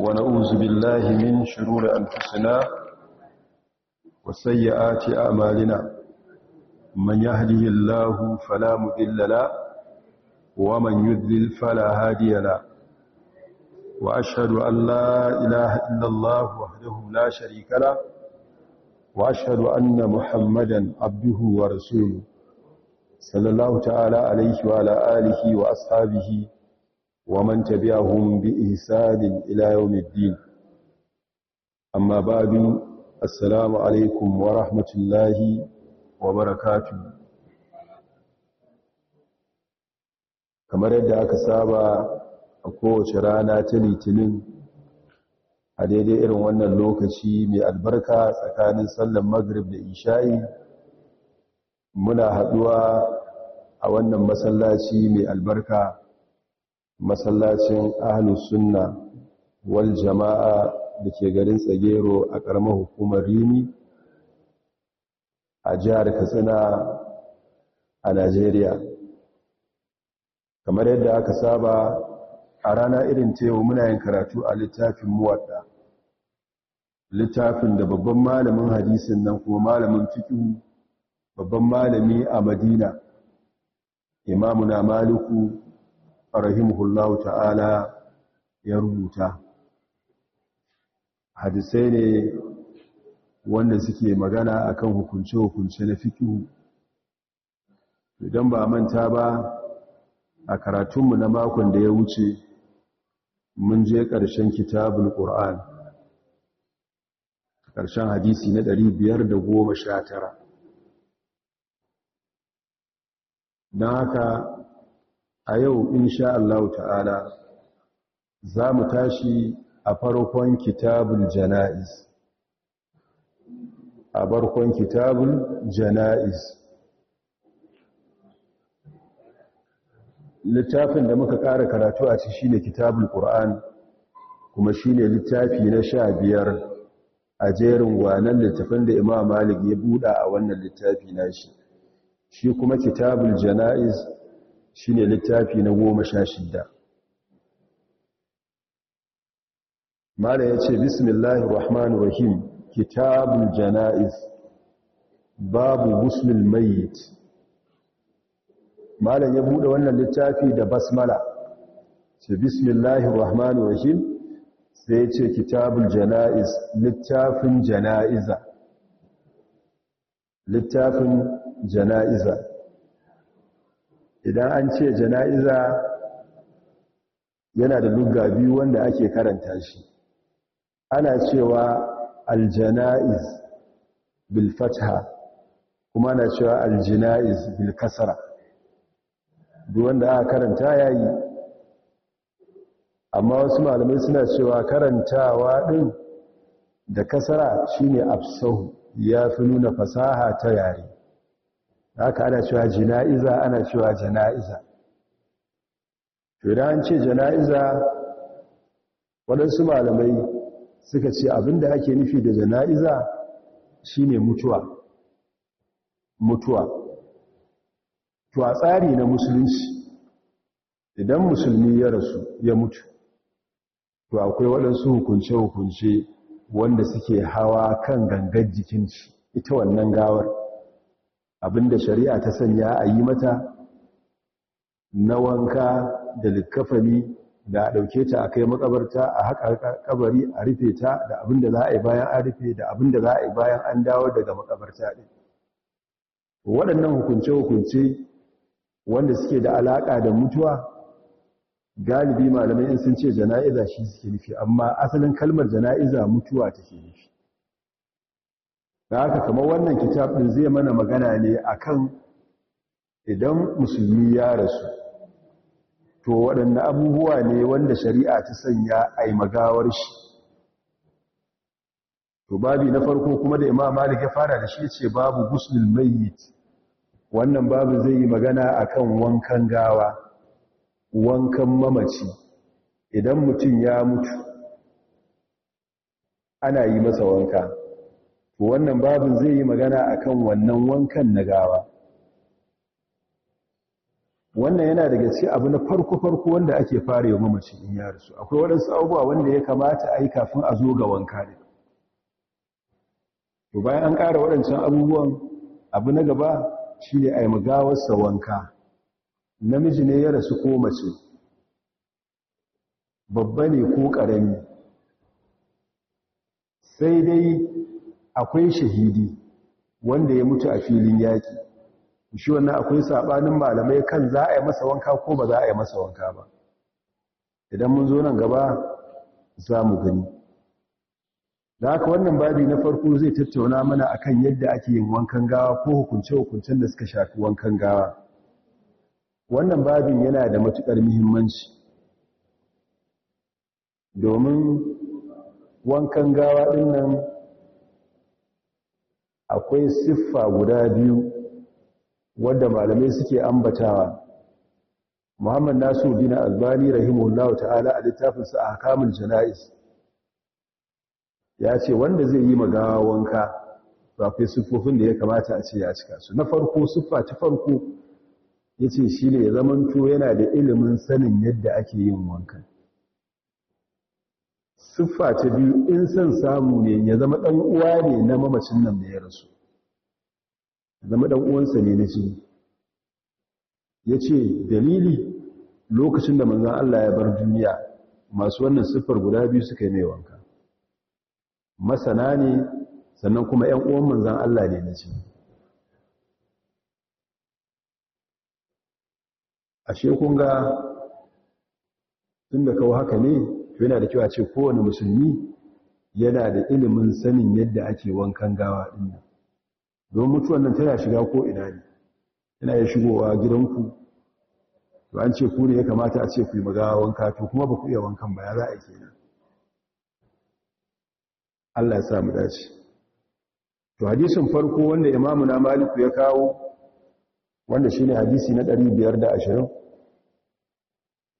ونعوذ بالله من شرور أنفسنا وسيئات أعمالنا من يهده الله فلا مذل له ومن يذل فلا هادي له وأشهد أن لا إله إلا الله وحده لا شريك له وأشهد أن محمدا عبده ورسوله صلى الله تعالى عليه وعلى آله وأصحابه ومن تبعهم بإحسان إلى يوم الدين أما بعد alaikum wa rahmatullahi wa وبركاته kamar yadda aka saba a kowace rana ta litinin a daidai irin wannan lokaci mai albarka tsakanin sallar maghrib da isha'i muna haɗuwa a wannan masallaci mai albarka masallacin ahlus sunna wal jama'a da ke garin tsagero a ƙaramar hukumar rimi a jihar katsina a najeriya kamar yadda aka saba a rana irin tewo muna yin karatu a littafin muwadda littafin da babban malamin hadisin nan kuma malamin fikihu babban malami a madina imamuna maliku rahimahullahu ta'ala ya rubuta hadisai ne wanda suke magana akan hukunce-hukunce na fikihu idan ba manta ba a karatunmu na makon da ya wuce mun je ƙarshen kitabul ƙur'an ƙarshen hadisi na 519 don haka a yau insha Allah ta'ala za mu tashi a farkon kitabul jana'iz a farkon kitabul jana'iz littafin da muka ƙara karatu a ci shine kitabul qur'an kuma ne littafi na sha biyar a jerin wanan littafin da imam malik ya buɗa a wannan littafi nashi shi kuma kitabul jana'iz shi ne littafi na goma sha shidda mala ya ce bismillahir rahman rahim kitabun jana'iz babu guslul mayyit malam ya bude wannan littafi da basmala ce bismillahir rahmanir rahim sai ya ce kitabul jana'iz littafin jana'iza littafin jana'iza idan an ce jana'iza yana da lugga biyu wanda ake karanta shi ana cewa aljana'iz bil fatha kuma ana cewa aljina'iz bil kasra duk wanda aka karanta yayi amma wasu malamai suna cewa karantawa din da kasara shine afsahu ya fi nuna fasaha ta yare haka ana cewa jana'iza ana cewa jana'iza to idan an ce jana'iza waɗansu malamai suka ce abinda ake nufi da jana'iza shine mutuwa mutuwa to a tsari na musulunci idan musulmi ya rasu ya mutu to akwai waɗansu hukunce-hukunce wanda suke hawa kan gangar jikinci ita wannan gawar abinda shari'a ta sanya a yi mata na wanka da likkafani da a ɗauke ta a kai makabarta a haka kabari a rufe ta da abinda za a yi bayan an rufe da abinda za a yi bayan an dawo daga makabarta ɗin waɗannan hukunce-hukunce wanda suke da alaƙa da mutuwa galibi malamai in sun ce jana'iza shi suke nufi amma asalin kalmar jana'iza mutuwa take nufi da haka kamar wannan kitab ɗin zai mana magana ne akan idan musulmi ya rasu to waɗanda abubuwa ne wanda shari'a ta sanya a yi magawar shi to babi na farko kuma da imam malik ya fara da shi ce babu guslul mayyit wannan babu zai yi magana akan wankan gawa wankan mamaci idan mutum ya mutu ana yi masa wanka wannan babin zai yi magana akan wannan wankan na gawa wannan yana daga cikin abu na farko-farko wanda ake fara yi mamaci in ya rasu akwai waɗansu abubuwa wanda ya kamata a yi kafin a zo ga wanka ne to bayan an ƙara waɗancan abubuwan abu na gaba shi ne a yi magawarsa wanka namiji ne ya rasu ko mace babba ne ko ƙarami sai dai akwai shahidi wanda ya mutu a filin yaƙi shi wannan akwai saɓanin malamai kan za a yi masa wanka ko ba za a yi masa wanka ba idan mun zo nan gaba za mu gani da haka wannan babi na farko zai tattauna mana akan yadda ake yin wankan gawa ko hukunce-hukuncen da suka shafi wankan gawa wannan babin yana da matuƙar muhimmanci domin wankan gawa ɗin nan akwai siffa guda biyu wadda malamai suke ambatawa muhammad nasu dina albani rahimahullahu ta'ala a littafinsa a hakamun jana'is ya ce wanda zai yi magawa wanka ba kai siffofin da ya kamata a ce ya cika su na farko siffa ta farko ya ce shi ne zamanto yana da ilimin sanin yadda ake yin wankan siffa ta biyu in san samu ne ya zama ɗan uwa ne na mamacin nan da ya rasu zama ɗan uwansa ne na jini ya ce dalili lokacin da manzan Allah ya bar duniya masu wannan siffar guda biyu suka yi mai wanka masana ne sannan kuma ‘yan uwan manzan Allah ne na jini ashe kun ga tun da kawo haka ne yana da kyau a ce kowane musulmi yana da ilimin sanin yadda ake wankan gawa din nan don mutuwan nan tana shiga ko ina ne tana ya shigowa gidanku to an ce ku ne ya kamata a ce ku yi magawa wanka to kuma ba ku iya wankan ba ya za a kenan Allah ya sa mu dace to hadisin farko wanda imamu na maliku ya kawo wanda shine hadisi na 520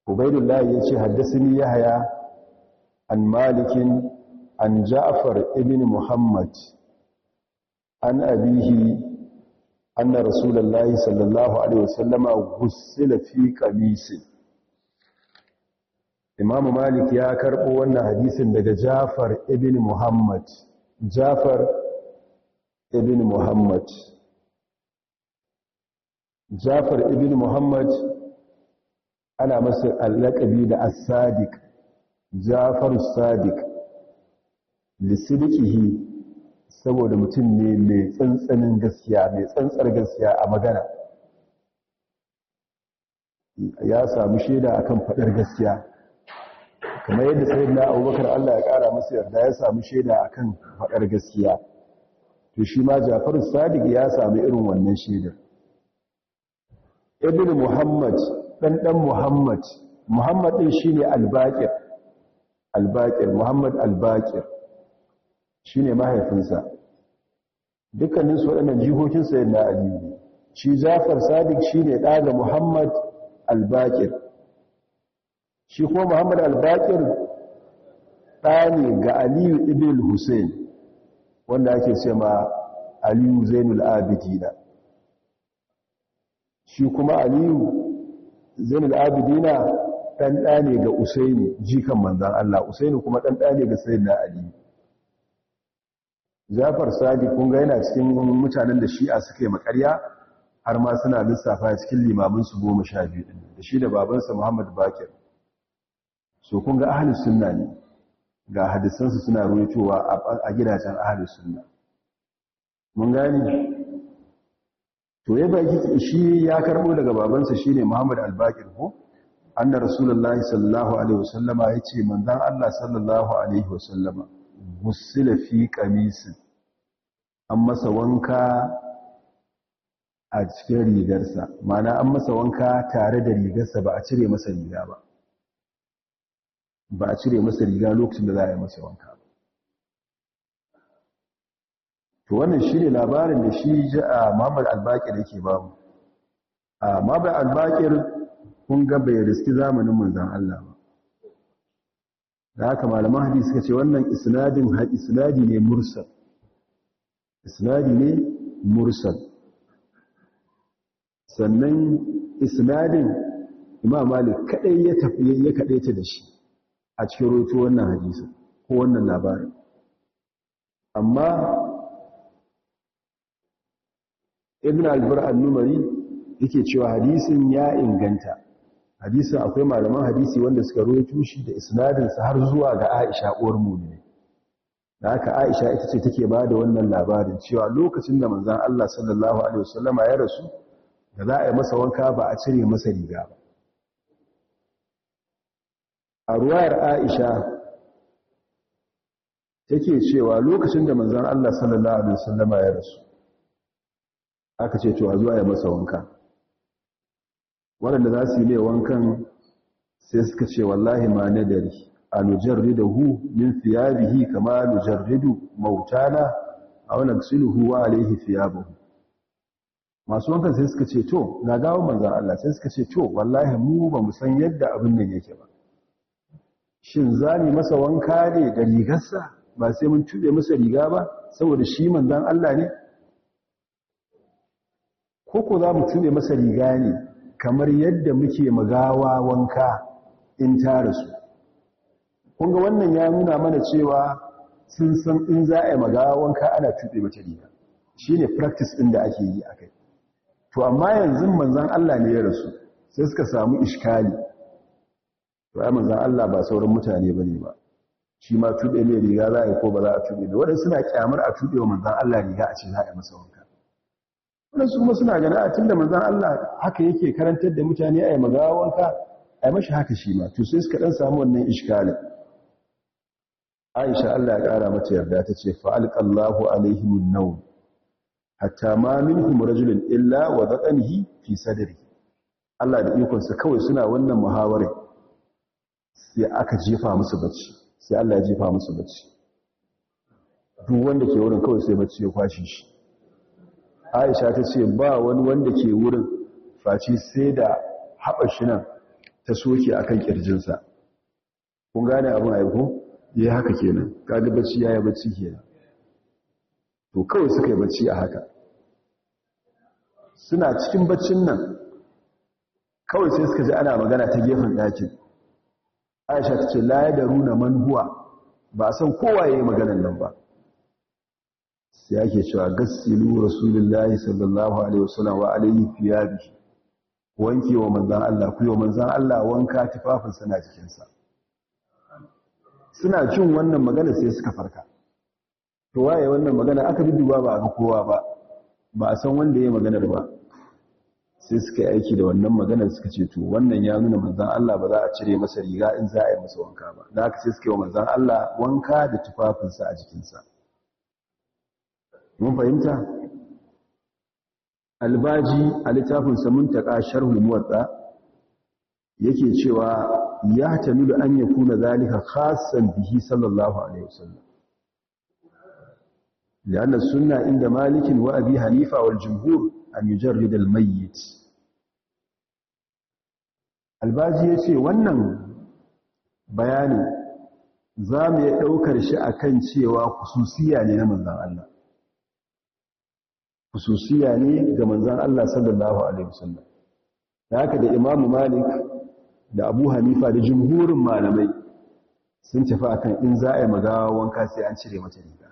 ubaidullahi ya ce haddasini yahaya an malikin an ja'far ibn muhammad an abihi anna rasulullahi sallallahu alaihi wasallama gusila fi qamisi imam malik ya karbo wannan hadisin daga ja'far ibn muhammad ja'far ibn muhammad ja'far ibn muhammad ana masa allakabi da as-sadiq jafar sadiq lisidikihi saboda mutum ne mai tsantsanin gaskiya mai tsantsar gaskiya a magana ya samu shaida akan faɗar gaskiya kamar yadda sayyidina abubakar allah ya kara masa yarda ya samu shaida akan faɗar gaskiya to shi ma jafar sadiq ya samu irin wannan shaidar ibn muhammad ɗan muhammad muhammad ɗin shine al-Baqir albakir muhammad albakir shi ne mahaifinsa dukkaninsu waɗannan jihokinsa yana aliyu shi zafar sadiq shi ne ɗaga ga muhammad albakir shi kuma muhammad albakir ɗa ne ga aliyu ibn hussein wanda ake ce ma aliyu zainul abidina shi kuma aliyu zainul abidina Ɗanɗane ga usaini jikan manzan Allah usaini kuma ɗanɗane ne ga sayyidina ali Zafar Sadi kun yana cikin mutanen da shi'a suka yi makarya har ma suna lissafa cikin limaminsu su goma sha biyu ɗin da shi da babansa muhammad bakir so kun ga ahalus sunna ne ga hadisansu suna ruwaitowa a gidajen ahalus sunna mun gane to ya baki shi ya karbo daga babansa shine Muhammad al bakir ko An anna rasulullahi sallallahu alaihi wasallama yace manzon Allah sallallahu alaihi wasallama gusila fi qamisin an masa wanka a cikin rigarsa mana an masa wanka tare da rigarsa ba a cire masa riga ba ba a cire masa riga lokacin da za a yi masa wanka ba to wannan shi ne labarin da shi ji a mamar albakir yake bamu a ah, mamar albakir kun ga bai riski zamanin manzan Allah ba da haka malaman hadis suka ce wannan isnadin isnadi ne mursal isnadi ne mursal sannan isnadin imam malik kadai ya tafi ya kadaita da shi a cikin roto wannan hadisi ko wannan labarin amma ibn albar al-numari yake cewa hadisin ya inganta hadisi akwai malaman hadisi wanda suka rawaito tushi da isnadinsa har zuwa ga Aisha uwar mu'mini da haka Aisha ita ce take ba da wannan labarin cewa lokacin da manzon Allah sallallahu alaihi wasallama ya rasu da za a yi masa wanka ba a cire masa riga ba a ruwayar Aisha take cewa lokacin da manzon Allah sallallahu alaihi wasallama ya rasu aka ce cewa zuwa ya masa wanka waɗanda za su yi mai wankan sai suka ce wallahi ma na nadari a hu min bihi kama a nujarridu mautana aw naksiluhu fiya ba hu. masu wankan sai suka ce to na gawo manzan Allah sai suka ce to wallahi mu ba mu san yadda abin nan yake ba shin za ni masa wanka ne da rigarsa ba sai mun tube masa riga ba saboda shi manzan Allah ne ko ko za mu tube masa riga ne kamar yadda muke magawa wanka in ta rasu kunga wannan ya nuna mana cewa sun san in za a yi magawa wanka ana tuɓe mata riga shi ne practice ɗin da ake yi a kai to amma yanzu manzan Allah ne ya rasu sai suka samu ishkali to ya manzan Allah ba sauran mutane ba ne ba shi ma tuɓe ne riga za a yi ko ba za a tuɓe da waɗansu suna kyamar a tuɓe wa manzan Allah riga a ce za a yi masa wanka wadansu su suna gani a tunda manzan Allah haka yake karantar da mutane a yi magawanka yi mashi haka shi ma to sai suka ɗan samu wannan iskalin Aisha Allah ya ƙara mata yarda ta ce fa’alƙallahu alqallahu alaihim hatta ma illa wa dhaqanihi fi sadari Allah da ikonsa kawai suna wannan muhawarar sai aka jefa musu bacci sai Allah ya jefa musu bacci duk wanda ke wurin kawai sai bacci ya kwashe shi aisha ta ce ba wani wanda ke wurin faci sai da haɓa nan ta soke a kan ƙirjinsa kun gane abin aiko ya eh, yi haka kenan kaga bacci ya yi bacci kenan to kawai suka yi bacci a haka suna cikin baccin nan kawai sai suka ji ana magana ta gefen ɗakin aisha ta ce laye da runa manhuwa ba a san kowa ya yi maganan nan ba sai ake cewa gassilu rasulullahi sallallahu alaihi wasallam wa alaihi fiyabi wanke wa manzan Allah ku yi manzan Allah wanka tufafinsa na jikinsa suna cin wannan magana sai suka farka to waye wannan magana aka bi duba ba ga kowa ba ba a san wanda ya maganar ba sai suka yi aiki da wannan maganar suka ce to wannan ya nuna manzan Allah ba za a cire masa riga in za a yi masa wanka ba da haka sai suka yi wa manzan Allah wanka da tufafinsa a jikinsa mun fahimta albaji a littafin samun taƙa sharhul muwatta yake cewa ya tamilu an yakuna zalika khassan bihi sallallahu alaihi wasallam لأن السنة عند مالك وأبي a Nijar أن يجرد Albaji الباجي يشي wannan bayani zamu ya ɗaukar shi akan cewa kususiya ne na manzon Allah hususiya ne ga manzan Allah sallallahu alaihi wasallam da haka da Imam Malik da Abu Hanifa da jumhurin malamai sun tafi akan in za a yi magawa wanka sai an cire mata riga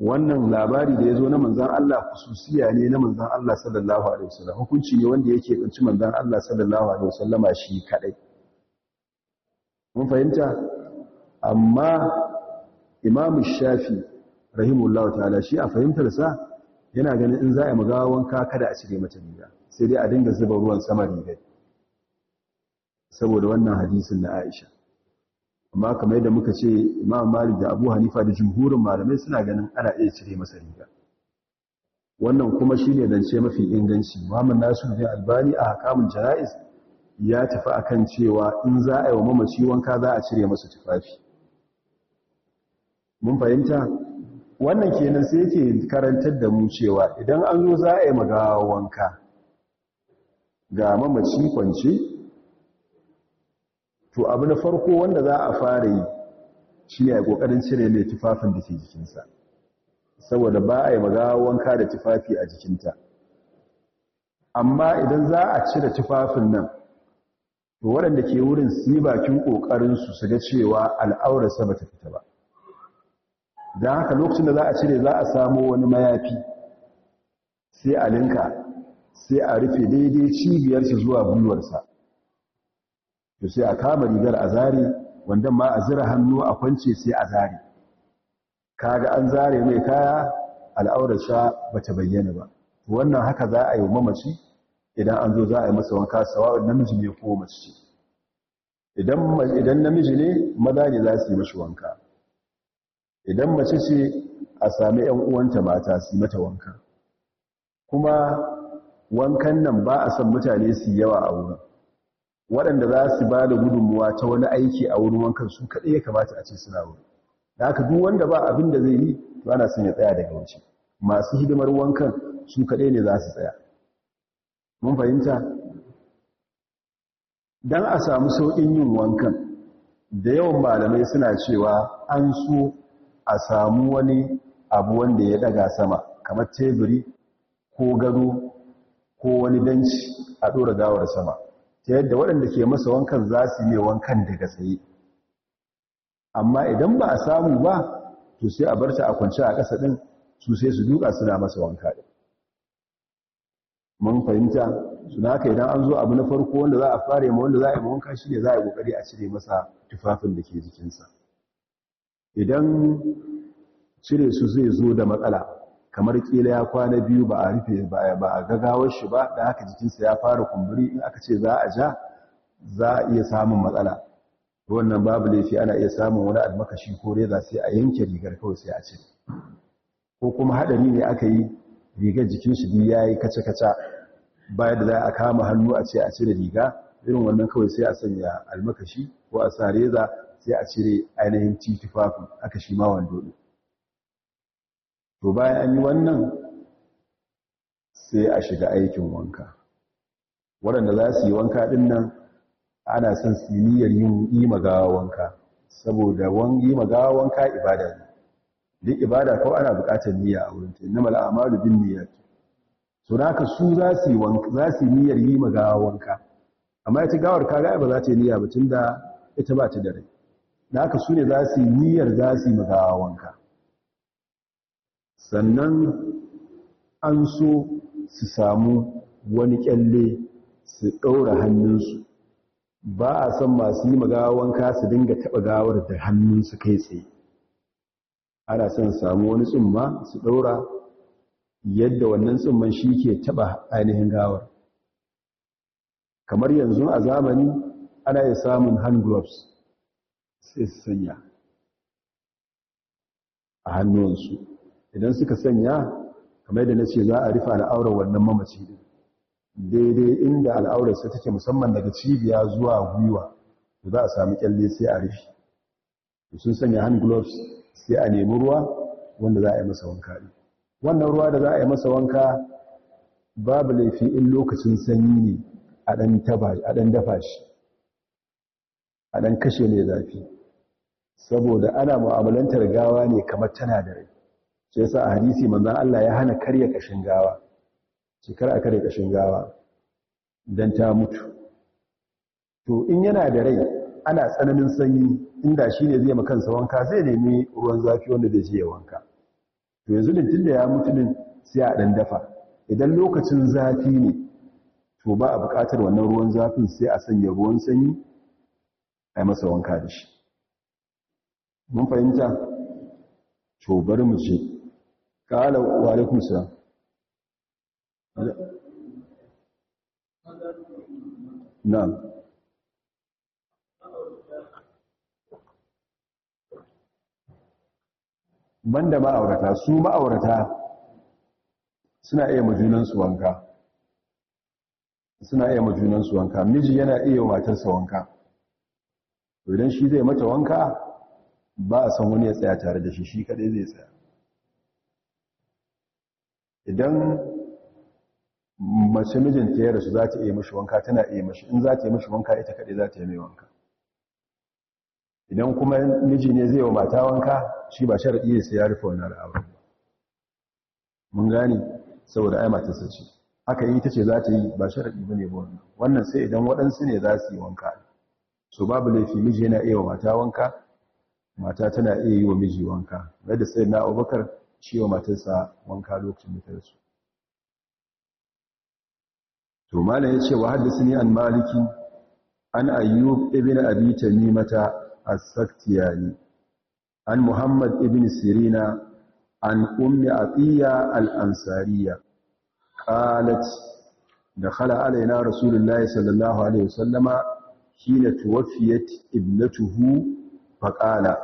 wannan labari da ya zo na manzan Allah hususiya ne na manzan Allah sallallahu alaihi wasallam hukunci ne wanda yake kunci manzan Allah sallallahu alaihi wasallama shi kadai mun fahimta amma imamu Shafi rahimullahu ta'ala shi a fahimtar sa yana ganin in za a magawa wanka kada a cire mata riga sai dai a dinga zuba ruwan sama riga. saboda wannan hadisin na Aisha amma kamar yadda muka ce Imam Malik da Abu Hanifa da jumhurin malamai suna ganin ana iya cire masa riga wannan kuma shine zance mafi inganci Muhammad bin Albani a hakamun jara'iz ya tafi akan cewa in za a yi wa mamaci wanka za a cire masa tufafi mun fahimta wannan kenan sai yake karantar da mu cewa idan an zo za a yi magawa wanka ga mamaci kwanci, to abu na farko wanda za a fara yi shi ne a ƙoƙarin cire mai tufafin da ke jikinsa saboda ba a yi magawa wanka da tufafi a jikinta amma idan za a cire tufafin nan to waɗanda ke wurin su yi bakin ƙoƙarinsu su ga cewa al'aurarsa ba ta fita ba da haka lokacin da za a cire za a samo wani mayafi sai a linka sai a rufe daidai cibiyar cibiyarsa zuwa gwiwarsa to sai a kama rigar a zare wanda ma a zira hannu a kwance sai a zare kaga an zare mai kaya al'aurarsa bata bayyana ba wannan haka za a yi mamaci idan an zo za a yi masa wanka sawa namiji ne ko mace idan namiji ne maza ne za su yi mashi wanka idan mace ce a sami ‘yan uwanta mata su mata wanka kuma wankan nan ba a son mutane su yawa a wurin waɗanda za su ba da gudunmuwa ta wani aiki a wurin wankan su kaɗai ya kamata a ce suna wurin da aka duk wanda ba abin da zai yi ba na son ya tsaya daga wuce masu hidimar wankan su kaɗai ne za su tsaya mun fahimta don a sami sauƙin yin wankan da yawan malamai suna cewa an so a samu wani abu wanda ya daga sama kamar teburi ko gado ko wani danci a ɗora gawar sama ta yadda waɗanda ke masa wankan za su yi wankan daga tsaye amma idan ba a samu ba to sai a barta a kwanci a ƙasa ɗin su sai su duka suna masa wanka ɗin mun fahimta suna haka idan an zo abu na farko wanda za a yi ma wanda za a yi wanka shi ne za a yi ƙoƙari a cire masa tufafin da ke jikinsa idan cire su zai zo da matsala kamar kila ya kwana biyu ba a rufe ba a gagawar shi ba da haka jikinsa ya fara kumburi in aka ce za a ja za a iya samun matsala wannan babu laifi ana iya samun wani almakashi ko reza sai a yanke rigar kawai sai a cire ko kuma haɗari ne aka yi rigar jikin shi biyu ya yi kaca-kaca bayan da za a kama hannu a ce a cire riga irin wannan kawai sai a sanya almakashi ko a sa reza sai a cire ainihin titufafi aka shi ma wando ne to bayan an yi wannan sai a shiga aikin wanka waɗanda za su yi wanka ɗin nan ana son su niyyar yin yi magawa wanka saboda yi magawa wanka ibada ne duk ibada kawai ana buƙatar niyya a wurin ta innamal a'malu bin niyyat so ka su za su yi niyyar yi magawa wanka amma ita gawar kaga ba za ta yi niyya ba tun da ita ba ta da rai da aka su ne za su yi niyyar za su yi magawa wanka sannan an so su samu wani kyalle su ɗaura hannunsu ba a san masu yi magawa wanka su dinga taɓa gawar da hannunsu kai tsaye ana son samu wani tsumma su ɗaura yadda wannan tsumman shi ke taɓa ainihin gawar kamar yanzu a zamani ana iya samun hand gloves sai su sanya a hannuwansu idan suka sanya kamar da na ce za a rufe al'aurar wannan mamaci daidai inda al'aurarsa take musamman daga cibiya zuwa gwiwa to za a sami kyalle sai a rufe sun sanya hand gloves sai a nemi ruwa wanda za a yi masa wanka wannan ruwa da za a yi masa wanka babu laifi in lokacin sanyi ne a ɗan dafa shi a ɗan kashe mai zafi saboda ana mu'amalantar gawa ne kamar tana da rai shi yasa a hadisi manzan Allah ya hana karya kashin gawa cikar a karya kashin gawa dan ta mutu to in yana da rai ana tsananin sanyi inda shi ne zai makansa wanka zai nemi ruwan zafi wanda zai je ya wanka to yanzu din tunda ya mutu din sai a dan dafa idan lokacin zafi ne to ba a buƙatar wannan ruwan zafin sai a sanya ruwan sanyi a masa wanka da shi mun fahimta to bari mu ce qala wa alaikum salam na'am banda ma'aurata su ma'aurata suna iya majunansu wanka suna iya majunansu wanka miji yana iya matarsa wanka idan shi zai mata wanka ba a san wani ya tsaya tare da shi shi kadai zai tsaya idan mace mijin ta ya rasu za ta iya mashi wanka tana iya mashi in za ta yi mashi wanka ita kadai za ta yi mai wanka idan kuma miji ne zai wa mata wanka shi ba sharaɗi ya sai ya rufe wannan al'aura mun gane saboda ai mata sace haka yi ta ce za ta yi ba sharaɗi ba ne ba wannan sai idan waɗansu ne za su yi wanka so babu laifi miji yana iya wa mata wanka mata tana iya yi wa miji wanka bai da sai na abubakar shi wa matarsa wanka lokacin da ta rasu to malam ya ce wa ne an maliki an ayyub ibn abi tamimata as-saktiyani an muhammad ibn sirina an ummi atiya al-ansariya qalat دخل علينا رسول الله صلى الله عليه وسلم حين توفيت ابنته فقال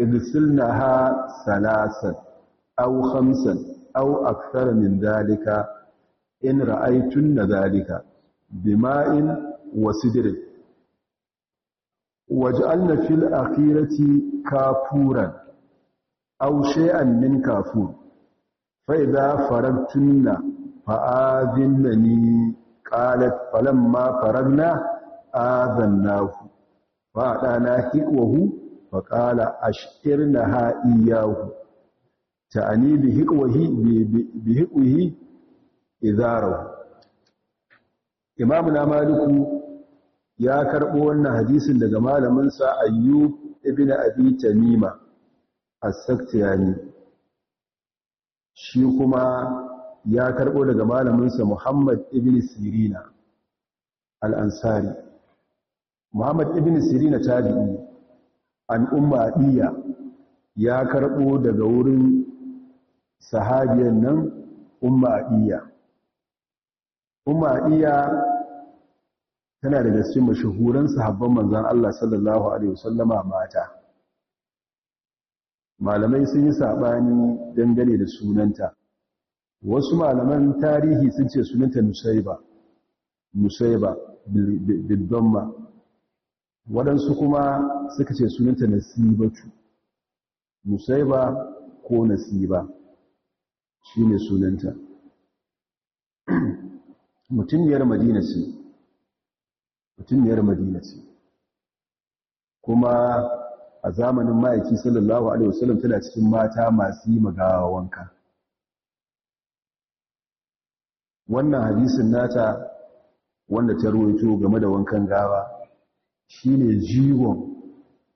اغسلنها ثلاثا أو خمسا أو أكثر من ذلك إن رأيتن ذلك بماء وسدر وجعلنا في الأخيرة كافورا أو شيئا من كافور فإذا فرغتن فآذنني قالت فلما فرغنا آذناه fa na hikwahu fa ashir na ha iyahu ta'ani bi hikwahi bi hikwahi idarahu imamu na maliku ya karɓo wannan hadisin daga malaminsa ayyub ibn abi tamima as-saktiyani shi kuma ya karɓo daga malaminsa muhammad ibn sirina al-ansari muhammad ibn sirina tabi'i an umma ya karɓo daga wurin sahabiyan nan umma diya umma diya tana daga cikin mashahuran sahabban manzon Allah sallallahu alaihi wasallama mata malamai sun yi saɓani dangane da sunanta wasu malaman tarihi sun ce sunanta nusaiba nusaiba bidonma waɗansu kuma suka ce sunanta musai musaiba ko nasiba shi ne sunanta mutumiyar madina ce mutumiyar madina ce kuma a zamanin ma'aiki sallallahu alaihi wasallam tana cikin mata masu yi magawa wanka wannan hadisin nata wanda ta ruwaito game da wankan gawa shi ne jiwon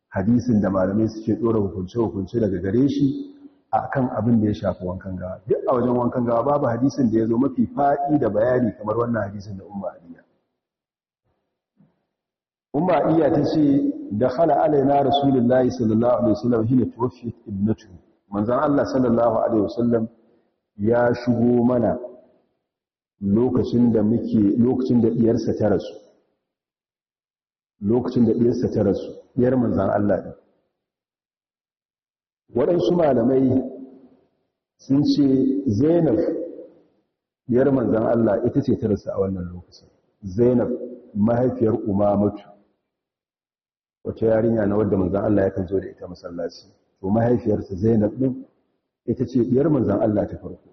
hadisin da malamai suke ɗora hukunce-hukunce daga gare shi a kan abin da ya shafi wankan gawa duk a wajen wankan gawa babu hadisin da ya zo mafi faɗi da bayani kamar wannan hadisin da umma aliya umma aliya ta ce da hala alaina rasulullahi sallallahu alaihi wasallam hina tuwaffiyat ibnatu manzon Allah sallallahu alaihi wasallam ya shigo mana lokacin da muke lokacin da ta rasu lokacin da ɗiyarsa ta rasu ɗiyar manzan Allah ne waɗansu malamai sun ce zainab ɗiyar manzan Allah ita ce ta rasu a wannan lokacin zainab mahaifiyar umamatu wata yarinya na wadda manzan Allah yakan zo da ita masallaci to mahaifiyarsa zainab ɗin ita ce ɗiyar manzan Allah ta farko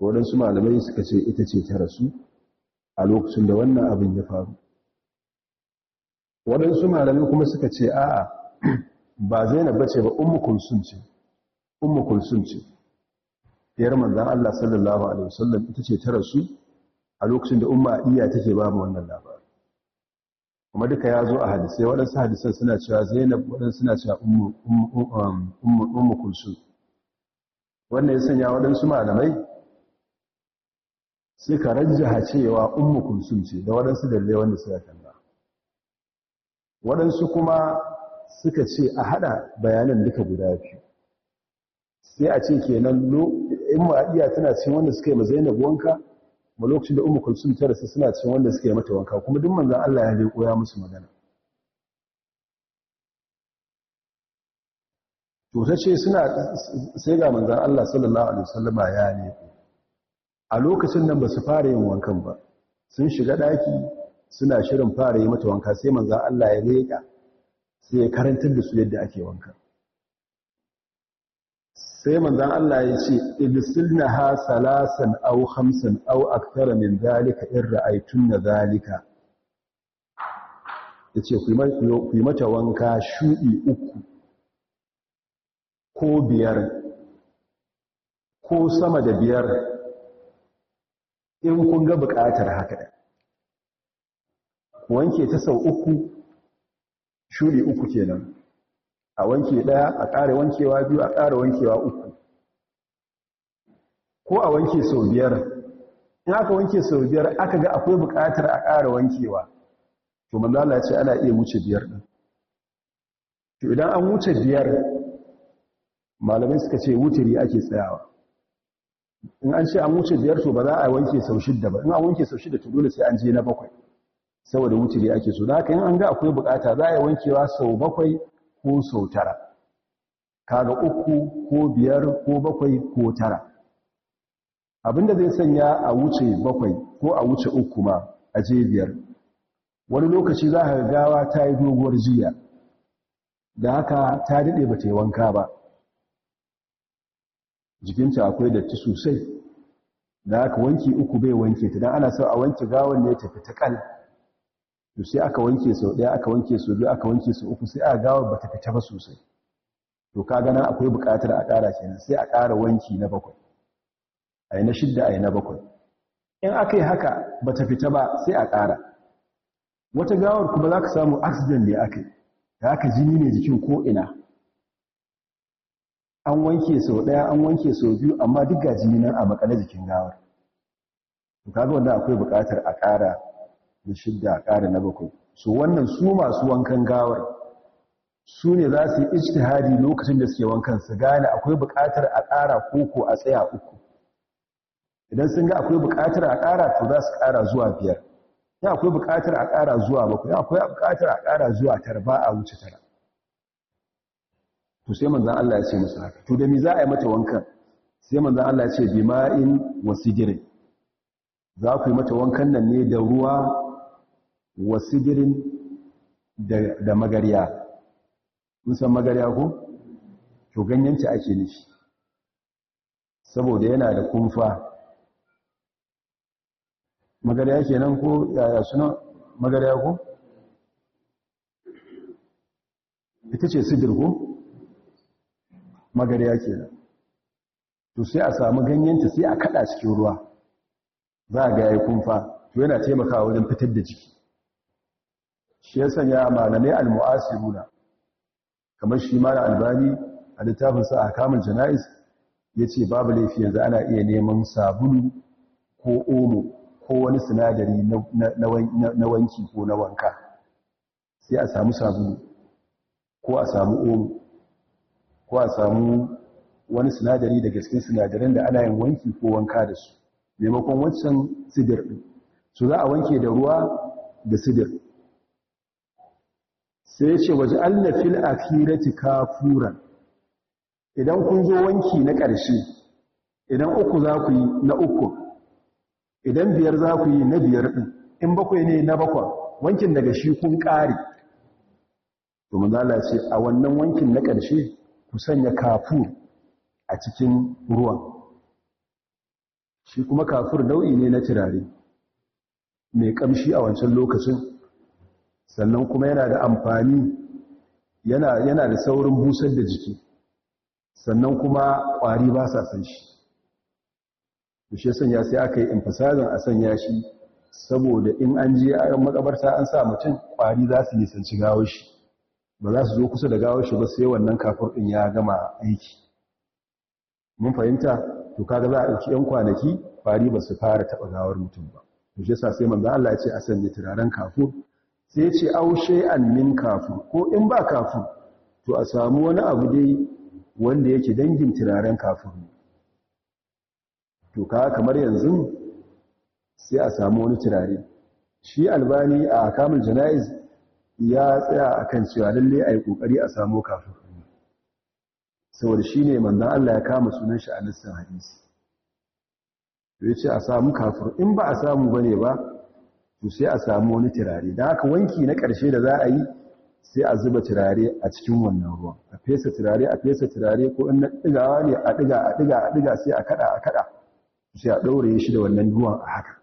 waɗansu malamai suka ce ita ce ta rasu a lokacin da wannan abin ya faru waɗansu malami kuma suka ce a'a ba zainab bace ba ummu kulsun ce ummu kulsum ce Allah sallallahu alaihi wasallam ita ce ta rasu a lokacin da umma iya take ba mu wannan labari kuma duka ya zo a hadisai waɗansu hadisai suna cewa zainab waɗansu suna cewa ummu um, kulsun wannan ya sanya waɗansu malamai suka rajjaha cewa ummu kulsun ce da waɗansu dalilai wanda suka kalla waɗansu kuma suka ce a haɗa bayanan duka guda biyu sai a ce kenan in ma'adiya tana cin wanda suka yi ma zainab wanka ma lokacin da umu kulsum ta rasu suna cin wanda suka yi mata wanka kuma duk manzan allah ya leƙo ya musu magana to ta ce suna sai ga manzan allah sallallahu alaihi wasallama ya leƙo a lokacin nan ba su fara yin wankan ba sun shiga ɗaki suna shirin fara yi mata wanka sai manzan Allah ya leƙa sai ya karantar da su yadda ake wanka sai manzan Allah ya ce ibisilna ha salasan au hamsin au aktara min zalika in ra'aitun na zalika ya ce ku yi mata wanka shuɗi uku ko biyar ko sama da biyar in kun ga buƙatar haka ku wanke ta sau uku shuri uku kenan a wanke ɗaya a ƙara wankewa biyu a ƙara wankewa uku ko a wanke sau biyar in aka wanke sau biyar aka ga akwai buƙatar a ƙara wankewa to manzala ce ana iya wuce biyar ɗin to idan an wuce biyar malamai suka ce wuturi ake tsayawa in an ce an wuce biyar to ba za a wanke sau shidda ba in an wanke sau shidda to dole sai an je na bakwai saboda da ake so da haka yin an ga akwai bukata za a yi wankewa sau bakwai ko sau tara kaga uku ko biyar ko bakwai ko tara abinda zai sanya a wuce bakwai ko a wuce uku ma a je biyar wani lokaci za a gawa ta yi doguwar jiya da haka ta daɗe ba ta yi wanka ba jikinta akwai datti sosai da haka wanki uku bai wanke ta don ana so a wanke gawan ne ta fita kal to sai aka wanke sau ɗaya aka wanke sau biyu aka wanke sau uku sai aka gawar ba ta fita ba sosai to ka gana akwai buƙatar a ƙara kenan sai a ƙara wanki na bakwai a yi na shidda a yi na bakwai in aka yi haka ba ta fita ba sai a ƙara wata gawar kuma za ka samu accident ne aka yi da aka jini ne jikin ko'ina an wanke sau ɗaya an wanke sau biyu amma duk ga jini nan a maƙale jikin gawar to kaga wanda akwai buƙatar a ƙara da shidda a ƙara na bakwai so wannan su masu wankan gawar su ne za su yi ijtihadi lokacin da suke wankan su gane akwai buƙatar a ƙara koko a tsaya uku idan sun ga akwai buƙatar a ƙara to za su ƙara zuwa biyar ya akwai buƙatar a ƙara zuwa bakwai ya akwai buƙatar a ƙara zuwa tara ba a wuce tara to sai manzan Allah ya ce musu haka to da me za a yi mata wankan sai manzan Allah ya ce bima'in wasigirin za ku yi mata wankan nan ne da ruwa Wasigirin sidirin da magarya musan magarya ko to ganyanci ake nishi saboda yana da kumfa magarya kenan ko yaya suna magarya ko ita ce sidir ko ke kenan to sai a samu ganyanci sai a kada cikin ruwa za a ga ya kumfa to yana taimakawa wajen fitar da jiki shi ya sanya malamai al-mu'asiruna kamar shi mala albani a littafin sa a kamun jana'is ya ce babu laifi yanzu ana iya neman sabulu ko omo ko wani sinadari na wanki ko na wanka sai a samu sabulu ko a samu omo ko a samu wani sinadari da gaskin sinadarin da ana yin wanki ko wanka da su maimakon wancan sidir ɗin su za a wanke da ruwa da sidir sai ya ce waje allafil akhirati kafura, idan kun zo wanki na ƙarshe idan uku za ku yi na uku idan biyar za ku yi na biyar ɗin in bakwai ne na bakwa wankin daga shi kun ƙare. to ce a wannan wankin na ƙarshe ku sanya kafu a cikin ruwan shi kuma kafur nau'i ne na turare mai ƙamshi a wancan lokacin sannan kuma yana da amfani yana da saurin busar da jiki sannan kuma ƙwari ba sa san shi da shi sanya sai aka yi emphasizing a sanya shi saboda in an je a makabarta an sa mutum ƙwari za su nisanci gawar shi ba za su zo kusa da gawar shi ba sai wannan kafur ɗin ya gama aiki mun fahimta to kaga za a ɗauki 'yan kwanaki ƙwari ba su fara taɓa gawar mutum ba to shi sai manzo Allah ya ce a sanya turaren kafur sai ce aushe an min kafin ko in ba kafin to a samu wani abu dai wanda yake dangin turaren kafin to ka kamar yanzu sai a samu wani turare shi albani a kamun jana'iz ya tsaya a kan cewa lalle a yi ƙoƙari a samu kafin saboda shi ne manzan Allah ya kama sunan shi a lissan hadisi ya ce a samu kafin in ba a samu bane ba to sai a samu wani turare da haka wanki na ƙarshe da za a yi sai a zuba turare a cikin wannan ruwan a fesa turare a fesa turare ko in na ɗigawa ne a ɗiga a ɗiga a ɗiga sai a kaɗa a kaɗa sai a ɗaure shi da wannan ruwan a haka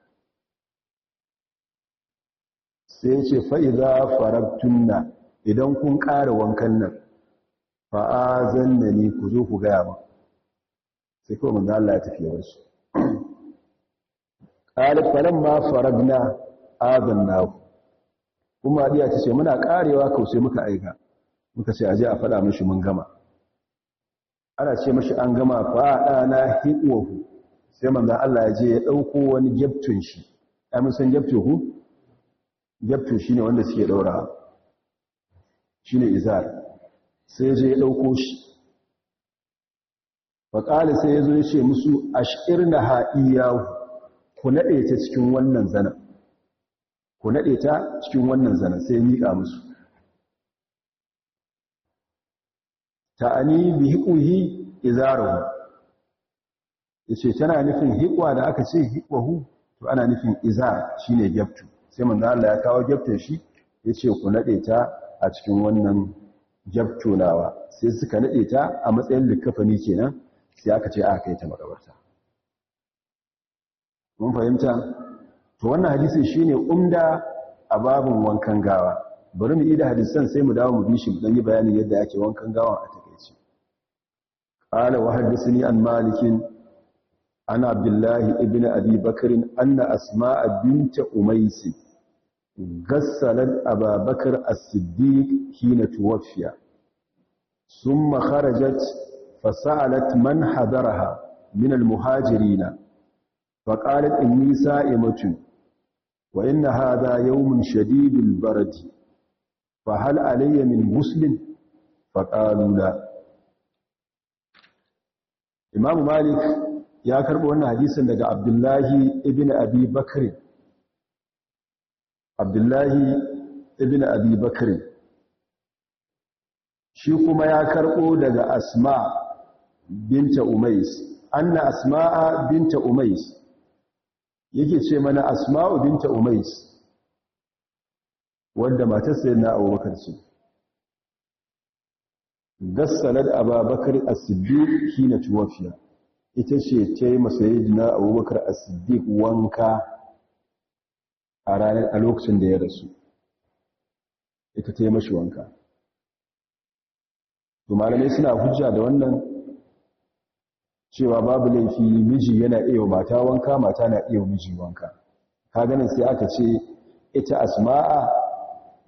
sai ce fa'iza farabtunna idan kun ƙara wankan nan fa'a zanna ne ku zo ku gaya ba sai kuma manzan Allah ya tafiye wasu ƙalif faran ma faragna azan nahu kuma adiya ce muna karewa kau sai muka aika muka ce aje a faɗa mishi mun gama ana ce mishi an gama faɗa na hiwahu sai manzo Allah ya je ya ɗauko wani gyaptun shi ai mun san gyaptu ku gyaptu shine wanda suke daura shine izar sai je ya ɗauko shi faƙali sai ya zo ya ce musu ashirna ha'iyahu ku naɗe ta cikin wannan zanen ku naɗe ta cikin wannan zana sai mika musu Ta ani bi hiƙuhi izarahu ya ce tana nufin hiƙwa da aka ce hiƙwahu to ana nufin izar shi ne gyaftu sai manzan Allah ya kawo gyaftar shi ya ce ku naɗe ta a cikin wannan gyaftunawa sai suka naɗe ta a matsayin likafani kenan sai aka ce aka kai ta makabarta mun fahimta to wannan hadisin shine umda a babin wankan gawa bari mu yi da hadisan sai mu dawo mu bi shi dan yi bayanin yadda ake wankan gawa a takaici qala wa haddathani an malikin ana abdullahi ibnu abi bakrin anna asma'a Binta umays gassalat ababakar as-siddiq hina tuwaffiya Sun kharajat fasalat man hadaraha min al-muhajirin faqalat inni sa'imatu wa inna hadha yawmun shadidul Barati? fa hal alayya min muslim fa qalu Imam Malik ya karbo wannan hadisin daga Abdullahi ibn Abi shi kuma ya karɓo daga Asma Asma'a binta Umais yake ce mana asma'u binta umais wanda matar sayyidina abubakar ce gassalat ababakar as-siddiq hina tuwafiya ita ce ta yi masayyidina abubakar as-siddiq wanka a ranar a lokacin da ya rasu ita ta yi mashi wanka to malamai suna hujja da wannan cewa babu laifi miji yana iya mata wanka mata na iya miji wanka ka ganin sai aka ce ita asma'a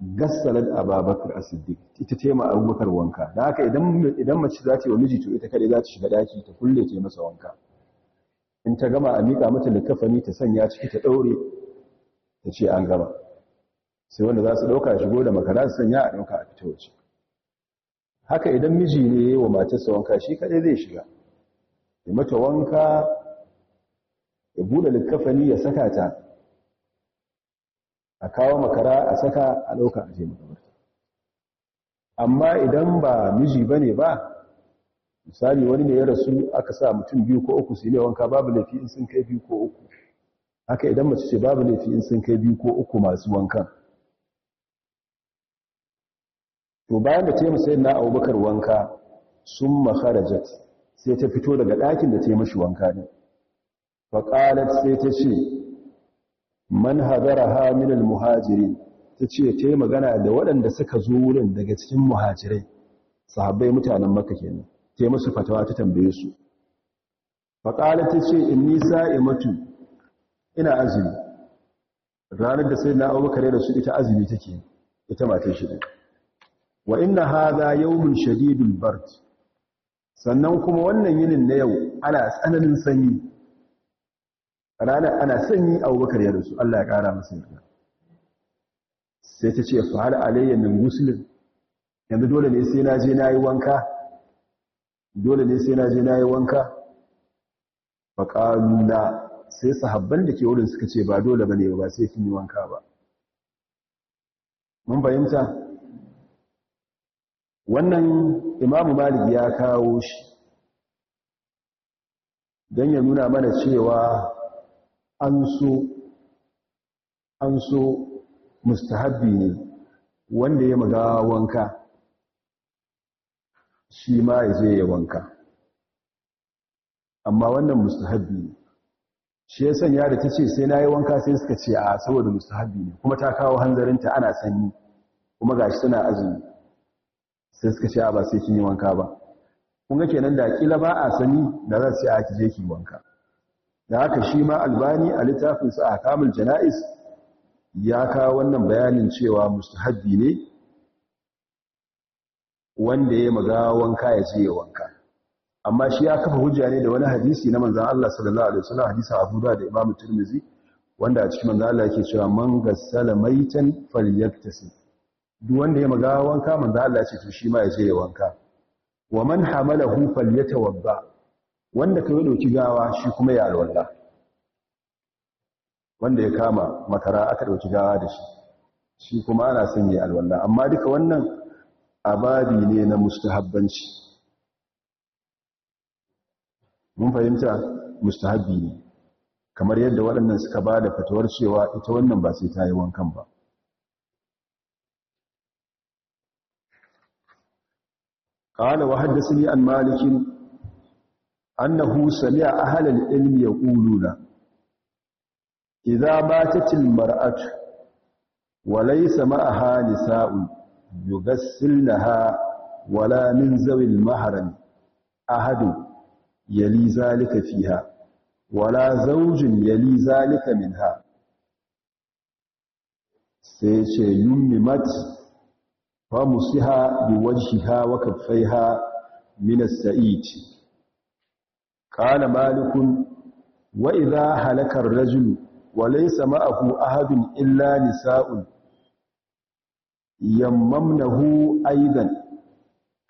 gassalat ababakar as-siddiq ita ce abubakar wanka da haka idan idan mace za ta yi wa miji to ita kare za ta shiga daki ta kulle ta masa wanka in ta gama a mika mata likafani ta sanya ciki ta daure ta ce an gama sai wanda za su dauka shigo da makara su sanya a dauka a fitoci. haka idan miji ne wa matarsa wanka shi kadai zai shiga ya mata wanka ya bude likafani ya saka ta a kawo makara a saka a ɗauka a je makabarta amma idan ba miji ba ne ba misali wani ne ya rasu aka sa mutum biyu ko uku su yi wanka babu laifi in sun kai biyu ko uku haka idan mace ce babu laifi in sun kai biyu ko uku masu wanka to bayan da taimu sai na abubakar wanka sun maharajat sai ta fito daga ɗakin da ta yi mashi wanka ne faƙalat sai ta ce man hadara haminal muhajiri ta ce ta yi magana da waɗanda suka zo wurin daga cikin muhajirai sahabbai mutanen maka kenan ta yi masu fatawa ta tambaye su faƙalat ta ce in nisa mutu, ina azumi ranar da sai na abubakar da su ita azumi take ita mata shi ne wa inna hadha yawmun shadidul bard sannan kuma wannan yinin na yau ana tsananin sanyi ranar ana sanyi a abubakar ya rasu Allah ya ƙara masu yadda sai ta ce fa har alayya min muslim yanzu dole ne sai na je na yi wanka dole ne sai na je na yi wanka sai sahabban da ke wurin suka ce ba dole ba ne ba sai kin yi wanka ba mun fahimta wannan imamu malik ya kawo shi don ya nuna mana cewa an so an so mustahabbi ne wanda ya maga wanka shi ma ya zai ya wanka amma wannan mustahabbi ne shi ya sanya da ta ce sai na yi wanka sai suka ce a saboda mustahabbi ne kuma ta kawo hanzarinta ana sanyi kuma ga shi tana azumi sai suka ce a ba sai kin yi wanka ba kun ga kenan da kila ba a sani da za su a ki ki wanka da haka shi ma albani a littafin sa akamul janais ya kawo wannan bayanin cewa mustahabbi ne wanda ya maga wanka ya je ya wanka amma shi ya kafa hujja ne da wani hadisi na manzon Allah sallallahu alaihi wasallam hadisi Abu Dawud da Imam Tirmidhi wanda a cikin manzon Allah yake cewa man gassala maitan duk wanda ya maga wanka manzo Allah ce to shi ma ya je ya wanka wa man hamalahu falyatawabba wanda kai dauki gawa shi kuma ya alwala wanda ya kama makara aka dauki gawa da shi shi kuma ana son ya alwala amma duka wannan ababi ne na mustahabbanci mun fahimta mustahabbi ne kamar yadda waɗannan suka ba da fatawar cewa ita wannan ba sai ta yi wankan ba qala wa haddathani an malik annahu sami'a ahla al-ilm yaquluna idza batat al-mar'atu wa laysa ma'aha nisa'un yughassilnaha wala min maharan mahrami ahadu yali zalika fiha wala zaujin yali zalika minha sai ce yummimat fa musiha wajhiha wa kaffaiha min as-sa'id qala malik wa idha halaka ar-rajulu wa laysa ma'ahu ahadun illa nisa'un yammamnahu aidan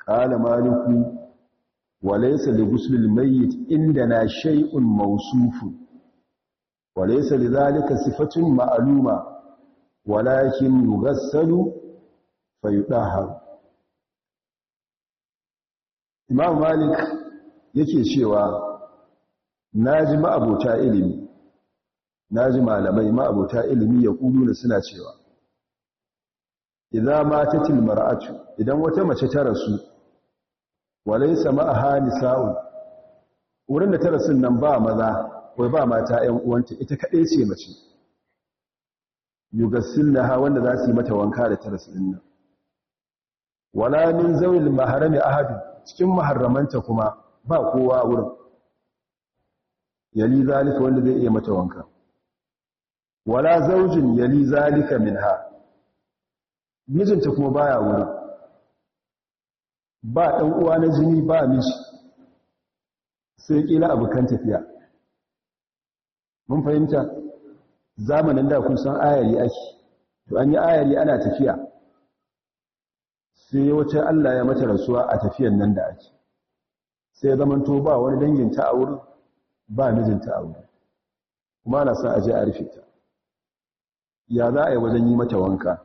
qala malik wa laysa li ghusl al-mayyit indana shay'un mawsufun وليس لذلك صفة معلومة ولكن يغسل fayudaharu imam malik yake cewa ji ma'abuta ilimi ji malamai ma'abuta ilimi ya kudu da suna cewa idza tilmar mar'atu idan wata mace ta rasu a ma'aha nisa'un wurin da ta rasu nan ba maza wai ba mata yan uwanta ita kaɗai ce mace yugassilnaha wanda za su yi mata wanka da ta rasu nan wala min zawil maharami ahad cikin maharramanta kuma ba kowa wurin yali zalika wanda zai iya mata wanka wala zaujin yali zalika minha mijinta kuma baya wurin ba dan uwa na jini ba miji sai kila abokan tafiya mun fahimta zamanin da kun san ayari ake to an yi ayari ana tafiya sai wacce Allah ya mata rasuwa a tafiyan nan da ake sai zamanto ba wani danginta a wurin ba mijinta a wurin kuma na sa aje a rufe ta ya za a yi wajen yi mata wanka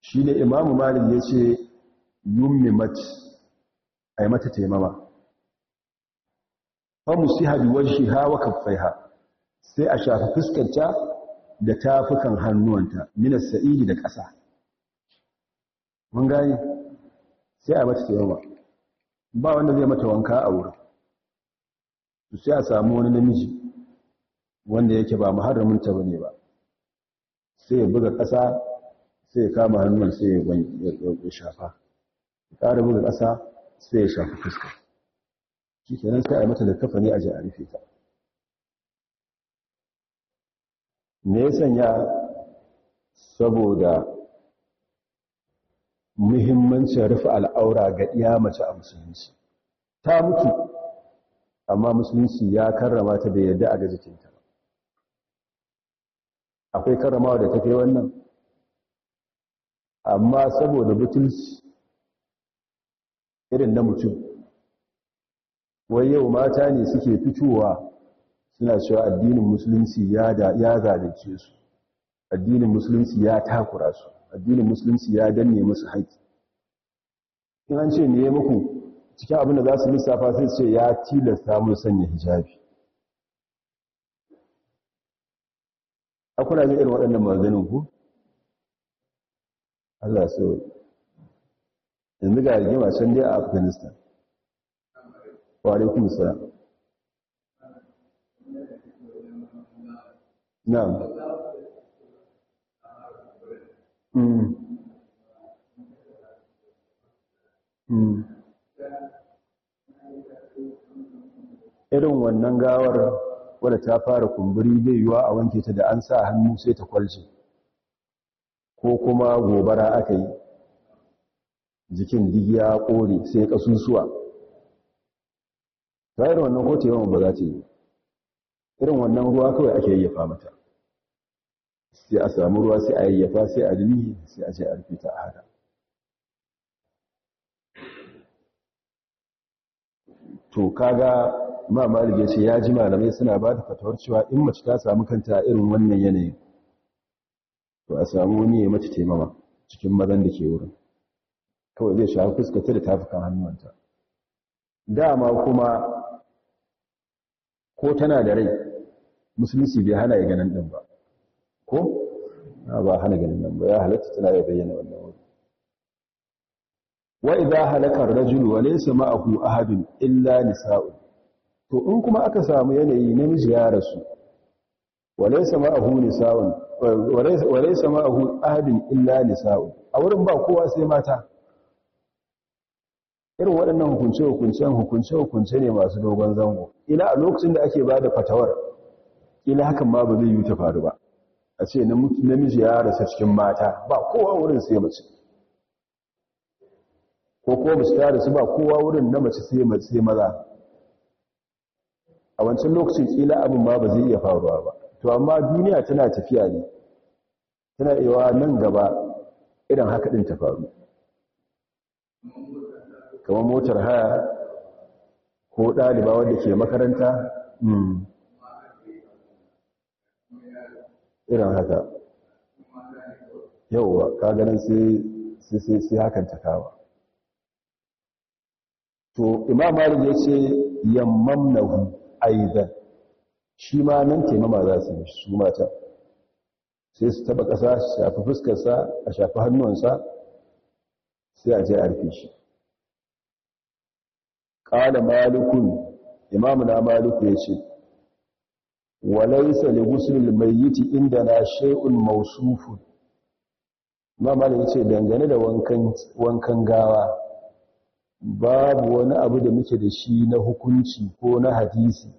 shi ne imamu malin ya ce yummi mace a yi mata taimama famu si habiwar shi hawa kafai ha sai a shafi fuskanta da tafukan hannuwanta minas sa'idi da ƙasa mun gani sai a mace yawa ba wanda zai mata wanka a wurin sai a samu wani namiji wanda yake ba muharramin ta bane ba sai ya buga ƙasa sai ya kama hannun sai ya shafa ƙara buga ƙasa sai ya shafa fuska shi kenan sai a mata da kafa ne a ji a rufe ta me ya sanya saboda muhimmancin rufe al'aura ga iya mace a musulunci ta mutu amma musulunci ya karrama ta da yadda a ga jikinta akwai karramawa da tafi wannan amma saboda butulci irin na mutum wai yau mata ne suke fitowa suna cewa addinin musulunci ya zalunce su addinin musulunci ya takura su addinin musulunci ya danne musu haƙƙi in an ce ne muku cikin abin da za su lissafa sai ce ya tilasta mun sanya hijabi Akwai irin waɗannan maganin ku Allah so yanzu ga rigima can dai a Afghanistan wa alaikum assalam na'am Mm. Mm. Irin wannan gawar wadda ta fara kumburi bai yiwa a wanke ta da an sa hannu sai ta kwalce, ko kuma gobara aka yi, jikin digiya kore sai ƙasusuwa. Ta irin wannan kotewa ba za ta yi, irin wannan ruwa kawai ake yi yayyafa mata. sai a samu ruwa sai a yayyafa sai a limi, sai a ce a rufe ta a to kaga ma Malibu ya ce ya ji malamai suna ba da fatawar cewa in mace ta samu kanta irin wannan yanayin to a samu wani ya mace taimama cikin mazan da ke wurin kawai zai shafi fuskata da tafukan hannuwanta dama kuma ko tana da rai musulunci bai hana ya ganin ɗin ba ko ba hana ganin nan ba ya halatta tana ya bayyana wannan wuri wa idza halaka ar-rajul wa laysa ma'ahu ahadun illa nisa'u to in kuma aka samu yanayi namiji ya rasu wa laysa ma'ahu nisa'u wa laysa ma'ahu ahadun illa nisa'u a wurin ba kowa sai mata irin waɗannan hukunce hukunce hukunce-hukunce ne masu dogon zango ila a lokacin da ake ba da fatawar ila hakan ma ba zai yi ta faru ba a ce namiji ya rasa cikin mata ba kowa wurin sai mace ko ko mace ta rasu ba kowa wurin na mace sai maza a wancan lokacin kila abin ma ba zai iya faruwa ba to amma duniya tana tafiya ne tana iya nan gaba irin haka din ta faru kamar motar haya ko ɗaliba wanda ke makaranta hmm. irin haka yauwa ka ganin sai hakan ta kawa to imam malik ya ce yammamnahu aidan shi ma nan taimama za su yi su mata sai su taba ƙasa su shafi fuskarsa a shafi sa sai a je a rufe shi ƙala malikun imamu na maliku ya walaisa li guslil mayyiti inda na shay'un mawsufun mamala yace dangane da wankan wankan gawa babu wani abu da muke da shi na hukunci ko na hadisi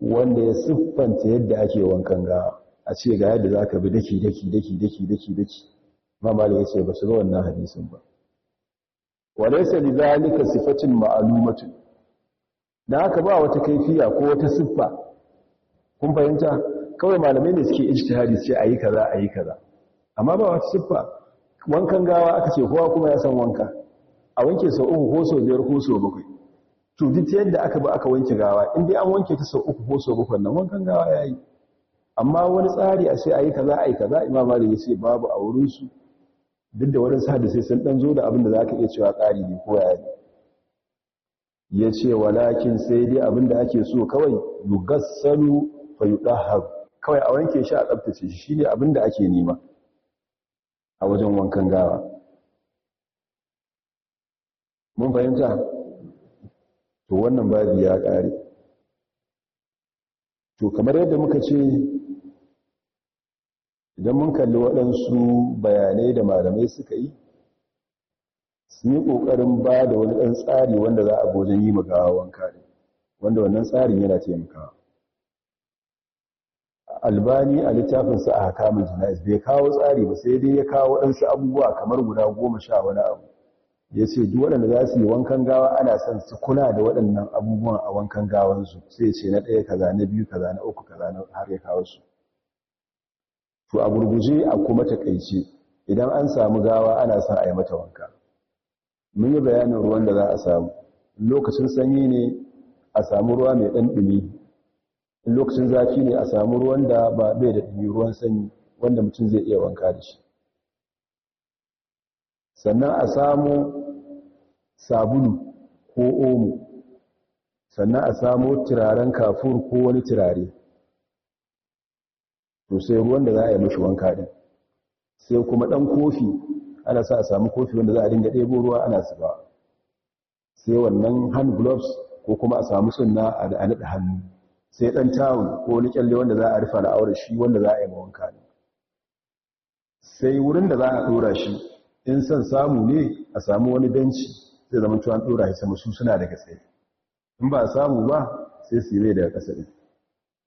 wanda ya siffanta yadda ake wankan gawa a ce ga yadda zaka bi daki daki daki daki daki daki mamala yace ba su ga wannan hadisin ba walaisa li zalika sifatin ma'lumatun dan haka ba wata kaifiya ko wata siffa kun fahimta kawai malamai ne suke ijtihadi sai ayi kaza ayi kaza amma ba wata siffa wankan gawa aka ce kowa kuma ya san wanka a wanke sau uku ko sau biyar ko sau bakwai to duk yadda aka ba aka wanke gawa in dai an wanke ta sau uku ko sau bakwai nan wankan gawa ya yi amma wani tsari a sai ayi kaza ayi kaza imam malik ya ce babu a wurin su duk da wurin sa sai sun dan zo da abin da za ka iya cewa ƙari ne ko ya ya ce walakin sai dai abin da ake so kawai yugassalu fayudahab kawai a wanke shi a tsaftace shi ne abin da ake nema a wajen wankan gawa mun fahimta to wannan babu ya kare to kamar yadda muka ce idan mun kalli waɗansu bayanai da malamai suka yi sun yi ƙoƙarin ba da wani ɗan tsari wanda za a gojin yi magawa wanka ne wanda wannan tsarin yana taimakawa albani a littafinsa a hakamun jinais bai kawo tsari ba sai dai ya kawo waɗansu abubuwa kamar guda goma sha wani abu ya ce duk waɗanda za su yi wankan gawa ana son su kula da waɗannan abubuwan a wankan gawansu sai ce na ɗaya kaza na biyu kaza na uku kaza na har ya kawo su to a gurguje a kuma takaice idan an samu gawa ana son a yi mata wanka mun yi bayanin ruwan da za a samu lokacin sanyi ne a samu ruwa mai ɗan ɗumi lokacin zafi ne a samu ruwan da ba bai da ɗumi ruwan sanyi wanda mutum zai iya wanka da shi sannan a samu sabulu ko omo sannan a samu turaren kafur ko wani turare to sai ruwan da za a yi mashi wanka din sai kuma ɗan kofi ana sa a samu kofi wanda za a dinga ɗebo ruwa ana zuba sai wannan hand gloves ko kuma a samu sunna a naɗa hannu sai ɗan tawul ko wani kyalle wanda za a rufe al'aurar shi wanda za a yi mawanka ne sai wurin da za a ɗora shi in son samu ne a samu wani benci sai zama cewa ɗora shi sama su suna daga tsaye in ba samu ba sai su yi daga ƙasa ɗin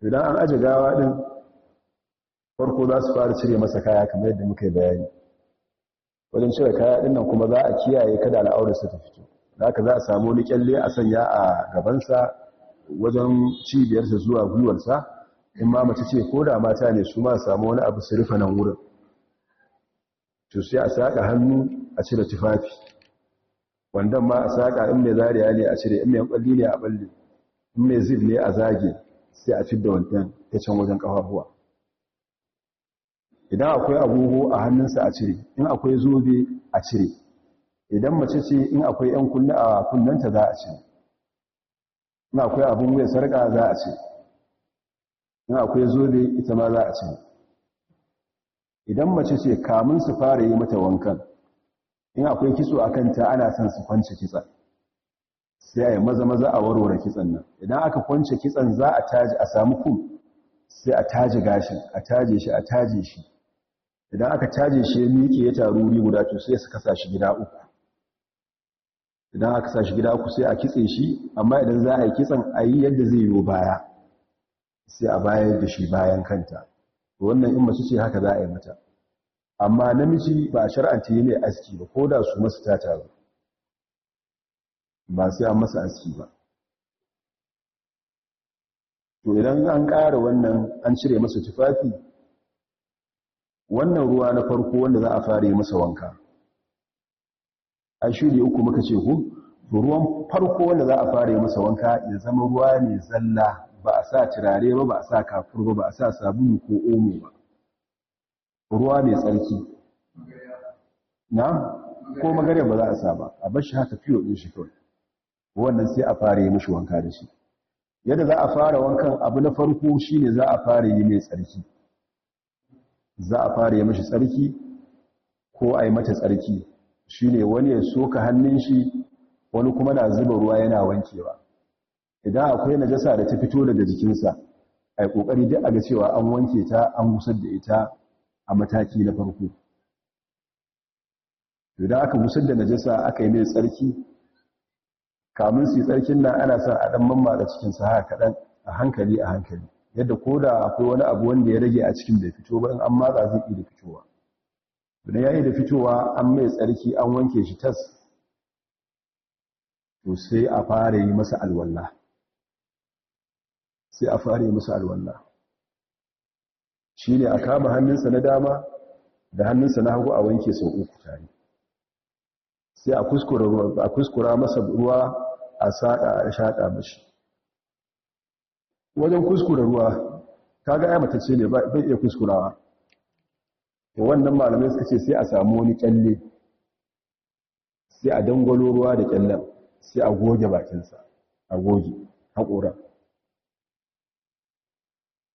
idan an aje gawa ɗin farko za su fara cire masa kaya kamar yadda muka yi bayani wajen cire kaya ɗin nan kuma za a kiyaye kada al'aurarsa ta fito za ka za a samu wani kyalle a sanya a gabansa wajen cibiyarsa zuwa gwiwarsa in ma mace ce ko da mata ne su ma samu wani abu su rufe nan wurin to sai a saka hannu a cire tufafi wandan ma a saka in mai zariya ne a cire in mai kwalli ne a balle in mai zib ne a zage sai a fidda wancan ta can wajen kafafuwa idan akwai agogo a hannunsa a cire in akwai zobe a cire idan mace ce in akwai yan kunne a kunnenta za a cire in akwai abin mai sarƙa za a ce in akwai zobe ita ma za a ce idan mace ce kamun su fara yi mata wankan in akwai kitso a kanta ana son su kwance kitsa sai a yi maza-maza a warware kitsan nan idan aka kwance kitsan za a taji a samu kum sai a taji gashin a taje shi a taje shi idan aka taje shi ya miƙe ya taru guda to sai su kasa shi gida uku idan aka sa shi gida ku sai a kitse shi amma idan za a yi kitsan a yi yadda zai yi baya sai a bayar da shi bayan kanta wannan in mace ce haka za a yi mata amma namiji ba a shar'anta yi mai aski ba ko da su masu tata ba ba sai an masa aski ba to idan an ƙara wannan an cire masa tufafi wannan ruwa na farko wanda za a fara yi masa wanka a shiri uku muka ce ku? ruwan farko wanda za a fara yi masa wanka ya zama ruwa ne zalla ba a sa turare ba ba a sa kafur ba ba a sa sabulu ko omo ba ruwa mai tsarki na ko magare ba za a sa ba a bar shi haka fiyo din shi kawai wannan sai a fara yi mishi wanka da shi yadda za a fara wankan abu na farko shine za a fara yi mai tsarki za a fara yi mishi tsarki ko a yi mata tsarki Shi ne wani ya soka hannun shi wani kuma na zuba ruwa yana wankewa idan akwai najasa da ta fito daga jikinsa a yi ƙoƙari duk a ga cewa an wanke ta an musar da ita a mataki na farko idan aka musar da najasa aka yi mai tsarki kamun su yi tsarkin nan ana sa a ɗan mamma da cikin saha kaɗan a hankali a hankali yadda ko da akwai wani abu wanda ya rage a cikin bai fito ba in an matsa zai iya fitowa da yayi da fitowa an mai tsarki an wanke shi tas to sai a fara yi masa alwala sai a fara yi masa alwala shi ne a kama hannunsa na dama da hannunsa na hagu a wanke sau uku tare sai a kuskura masa ruwa a saɗa a shaɗa mashi wajen kuskura ruwa kaga ya matace ne bai iya kuskurawa to wannan malamai suka ce sai a samu wani kyalle sai a dangwalo ruwa da kyallen sai a goge bakinsa a goge haƙora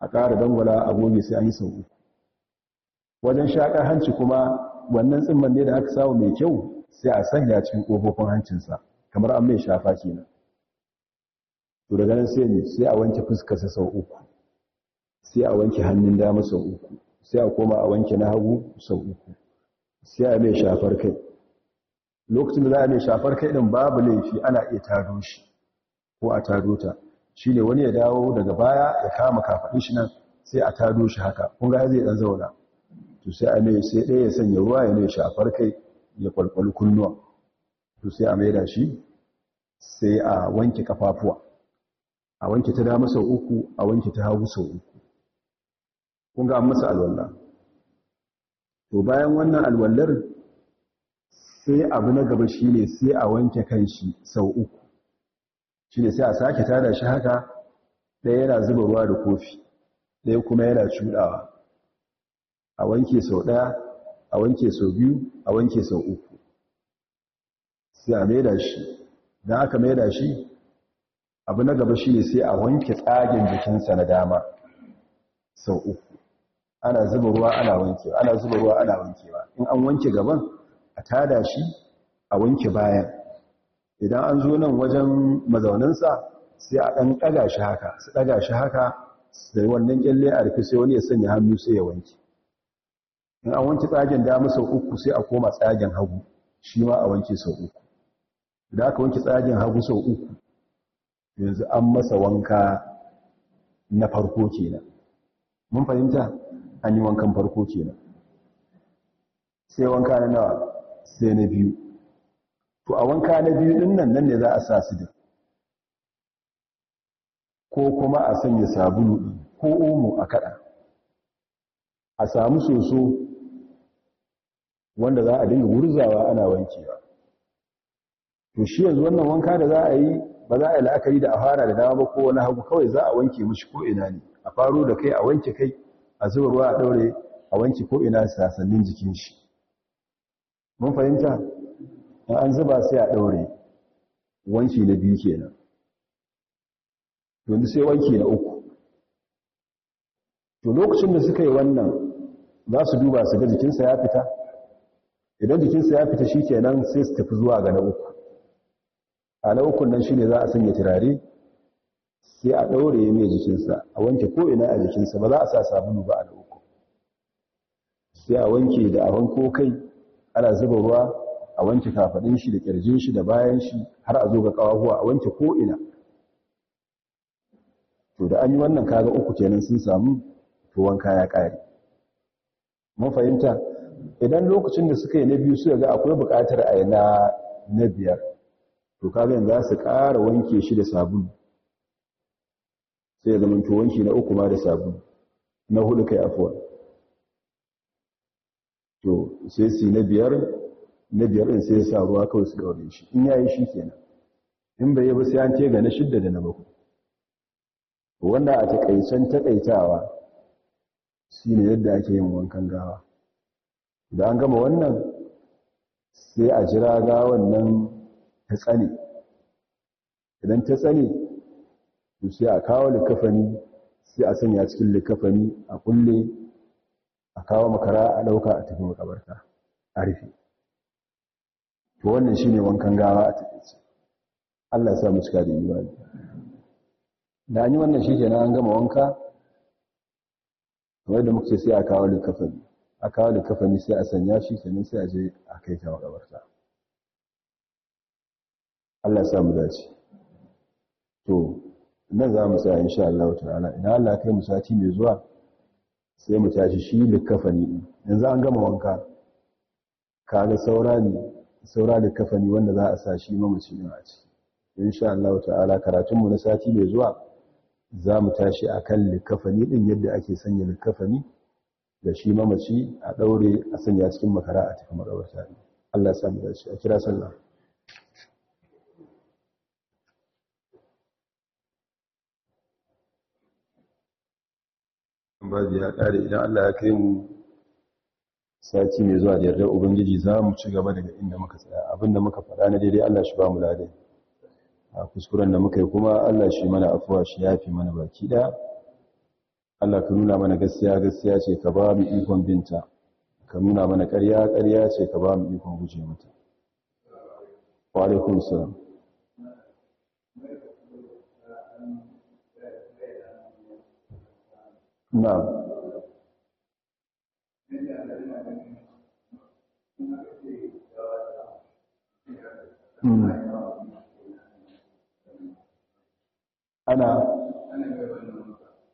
a ƙara dangwala a goge sai an yi sau wajen shaƙar hanci kuma wannan tsimman ne da aka samu mai kyau sai a sanya cikin ƙofofin hancinsa kamar an mai shafa kenan to daga nan sai ne sai a wanke fuskarsa sau uku sai a wanke hannun dama sau uku sai a koma a wanke na hagu sau uku sai a mai shafar kai lokacin da za a mai shafar kai ɗin babu laifi ana iya taro shi ko a taro ta shi ne wani ya dawo daga baya ya kama kafaɗin shi nan sai a taro shi haka kun ga zai ɗan zauna to sai a mai sai ɗaya ya sanya ruwa ya mai shafar kai ya kwalkwali kunnuwa to sai a da shi sai a wanke kafafuwa a wanke ta dama sau uku a wanke ta hagu sau uku kun ga an masa alwala to bayan wannan alwallar sai abu na gaba shine sai a wanke kanshi sau uku shine sai a sake tada shi haka ɗaya yana zuba ruwa da kofi ɗaya kuma yana cuɗawa a wanke sau ɗaya a wanke sau biyu a wanke sau uku sai a maida shi don aka maida shi abu na gaba shine sai a wanke tsagen jikinsa na dama sau uku ana zuba ruwa ana wankewa ana zuba ruwa ana wankewa in an wanke gaban a tada shi a wanke bayan idan an zo nan wajen mazauninsa sai a ɗan ɗaga shi haka su ɗaga shi haka Sai wannan kyalle a rufe sai wani ya sanya hannu sai ya wanke in an wanke tsagen dama sau uku sai a koma tsagen hagu shi ma a wanke sau uku da aka wanke tsagen hagu sau uku yanzu an masa wanka na farko kenan mun fahimta an yi wankan farko kenan sai wanka na nawa sai na biyu to a wanka na biyu din nan nan ne za a sa su da ko kuma a sanya sabulu din ko omo a kada a samu soso wanda za a dinga gurzawa ana wankewa to shi yanzu wannan wanka da za a yi ba za a yi la'akari da a fara da dama ba ko wani hagu kawai za a wanke mashi ko ina ne a faro da kai a wanke kai a zuba ruwa a daure a wanki ko ina sasannin jikin shi mun fahimta in an zuba sai a daure wanki na biyu kenan yanzu sai wanki na uku to lokacin da suka yi wannan za su duba su ga jikinsa ya fita idan jikinsa ya fita shi kenan sai su tafi zuwa ga na uku a na ukun nan shi ne za a sanya turare sai a ɗaure mai jikinsa a wanke ko'ina a jikinsa ba za a sa sabulu ba a da uku sai a wanke da abin kokai ana zuba ruwa a wanke kafaɗin shi da ƙirjin shi da bayan shi har a zo ga ƙawahuwa a wanke ko'ina to da an yi wannan kaga uku kenan sun samu to wanka ya ƙare mun fahimta idan lokacin da suka yi na biyu suka ga akwai buƙatar a yi na na biyar to kaga yanzu za su ƙara wanke shi da sabulu sai zama tuwanki wanki na uku ma da sabulu na hudu kai afuwa to sai si na biyar na biyar din sai sa ruwa kawai su daure shi in yayi shi kenan in bai yi ba sai an tega na shidda da na bakwai wanda a takaicen takaitawa shine yadda ake yin wankan gawa da an gama wannan sai a jira gawan nan ta tsane idan ta tsane to sai a kawo likafani sai a sanya cikin likafani a kulle a kawo makara a ɗauka a tafi makabarta a rufe to wannan shine wankan gawa a takaice Allah ya sa mu cika da imani da an yi wannan shi kenan an gama wanka kamar da muka ce sai a kawo likafani a kawo likafani sai a sanya shi kenan sai a je a kai ta makabarta Allah ya sa mu dace to nan za mu sa insha Allah ta'ala idan Allah kai mu sati mai zuwa sai mu tashi shi da kafani yanzu an gama wanka kaga saura ne saura kafani wanda za a sa shi mamaci din a ciki insha Allah ta'ala karatun mu na sati mai zuwa za mu tashi kan likafani din yadda ake sanya likafani da shi mamaci a daure a sanya cikin makara a tafi makabarta Allah ya sa mu dace a kira sallah babu ya ƙare idan Allah ya kai mu sati mai zuwa da yardar ubangiji za mu ci gaba daga inda muka tsaya abinda muka faɗa na daidai Allah shi ba mu ladai a kuskuren da muka yi kuma Allah shi mana afuwa shi ya fi mana baki da Allah ka nuna mana gaskiya gaskiya ce ka ba mu ikon binta ka nuna mana ƙarya ƙarya ce ka ba mu ikon guje mata wa Hmm.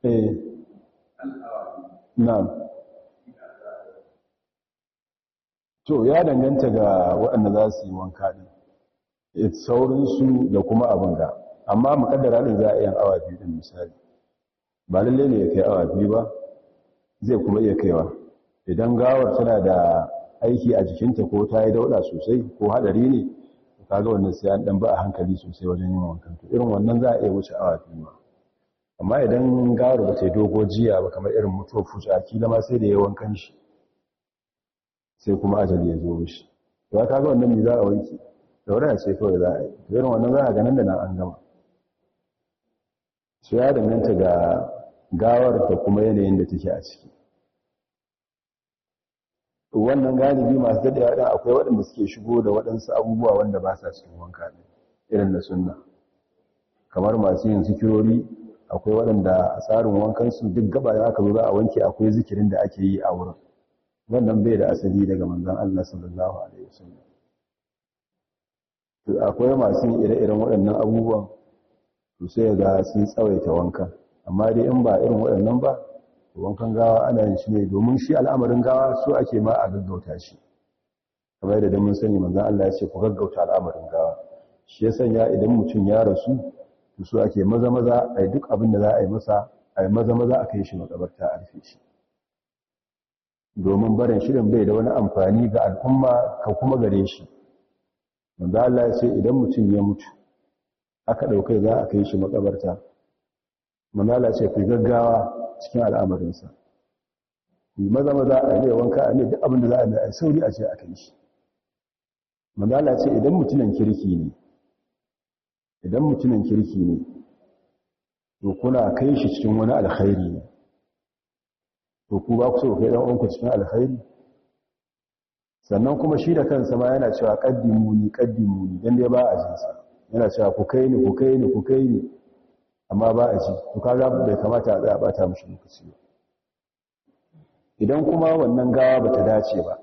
Eh. to ya danganta ga waɗanda za su yi wanka ne, saurinsu da kuma abin ga amma makaddara ɗin za a yi awa biyu ɗin misali ba lalle ne ya kai awa biyu ba zai kuma iya kaiwa idan gawar tana da aiki a jikinta ko ta yi dauɗa sosai ko haɗari ne kaga wannan sai an dan ba a hankali sosai wajen yin wankan to irin wannan za a iya wuce awa biyu ma amma idan gawar ba ta yi dogo jiya ba kamar irin mutuwar a kila ma sai da ya wankan shi sai kuma ajali ya zo mishi to ta ga wannan ne za a wanke daura ce kawai za a yi irin wannan za a ga nan da nan an gama su ya danganta ga gawar ta kuma yanayin da take a ciki wannan galibi masu daɗe ɗin akwai waɗanda suke shigo da waɗansu abubuwa wanda ba sa cikin wanka ne irin da sunna kamar masu yin zikirori akwai waɗanda tsarin wankansu duk gaba ya aka zuwa a wanke akwai zikirin da ake yi a wurin wannan bai da asali daga manzan Allah sallallahu alaihi wasallam akwai masu ire-iren waɗannan abubuwan to sai ga sun tsawaita wanka amma dai in ba irin waɗannan ba wankan gawa ana yin shi ne domin shi al'amarin gawa so ake ma a gaggauta shi kamar yadda mun sani manzon Allah ya ce ku gaggauta al'amarin gawa shi ya sanya idan mutum ya rasu to so ake maza maza ai duk abin da za a yi masa ai maza maza a kai shi makabarta a rufe shi domin barin shirin bai da wani amfani ga al'umma ka kuma gare shi manzo Allah ya ce idan mutum ya mutu aka dauke za a kai shi makabarta manala ce fi gaggawa cikin al'amarinsa maza maza a yi wanka a ne duk abin da za a yi a sauri a ce a kan shi manala ce idan mutunan kirki ne idan mutunan kirki ne to kuna kai shi cikin wani alkhairi ne to ku ba ku so kai dan uwanku cikin alkhairi sannan kuma shi da kansa ma yana cewa qaddimu ni qaddimu ni dan dai ba a jinsa yana cewa ku kai ni ku kai ni ku kai ni amma ba a ji to kaga bai kamata a tsaya bata mishi lokaci ba idan kuma wannan gawa bata dace ba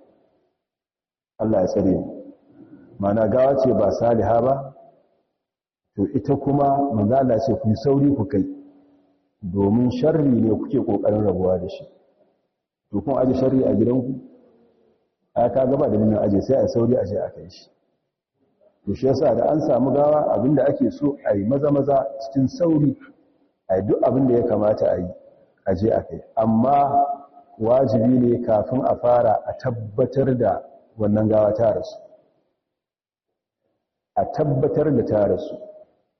Allah ya tsare mu mana gawa ce ba saliha ba to ita kuma manzo Allah ce ku sauri ku kai domin sharri ne kuke kokarin rabuwa da shi to kun aje sharri a gidanku a kaga gaba da nuna aje sai a sauri aje a kai shi to shi yasa da an samu gawa abinda ake so a yi maza maza cikin sauri a duk abinda ya kamata a yi a je a kai amma wajibi ne kafin a fara a tabbatar da wannan gawa ta rasu a tabbatar da ta rasu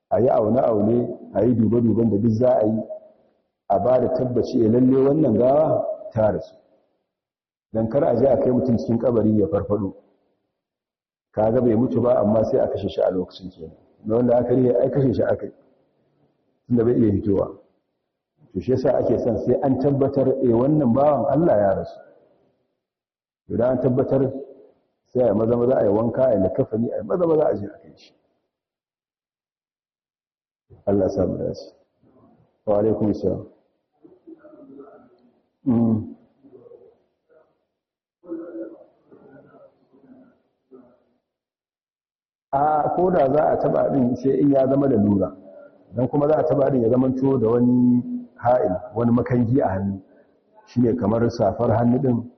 a yi aune-aune a yi duba-duban da duk za a yi a ba da tabbaci a lalle wannan gawa ta rasu don kar a je a kai mutum cikin kabari ya farfado Ka ga bai mutu ba amma sai a kashe shi a lokacin kenan na wanda aka rihe ai kashe shi aka tunda bai iya hitowa to shi yasa ake son sai an tabbatar eh wannan bawan Allah ya rasu idan an tabbatar sai ai maza maza ai wanka ai lakafani ai maza maza a je a kai shi Allah ya samu dace wa alaikum salam mm a ko da za a taba din sai in ya zama da lura dan kuma za a taba din ya zama to da wani ha'il wani makangi a hannu shine kamar safar hannu din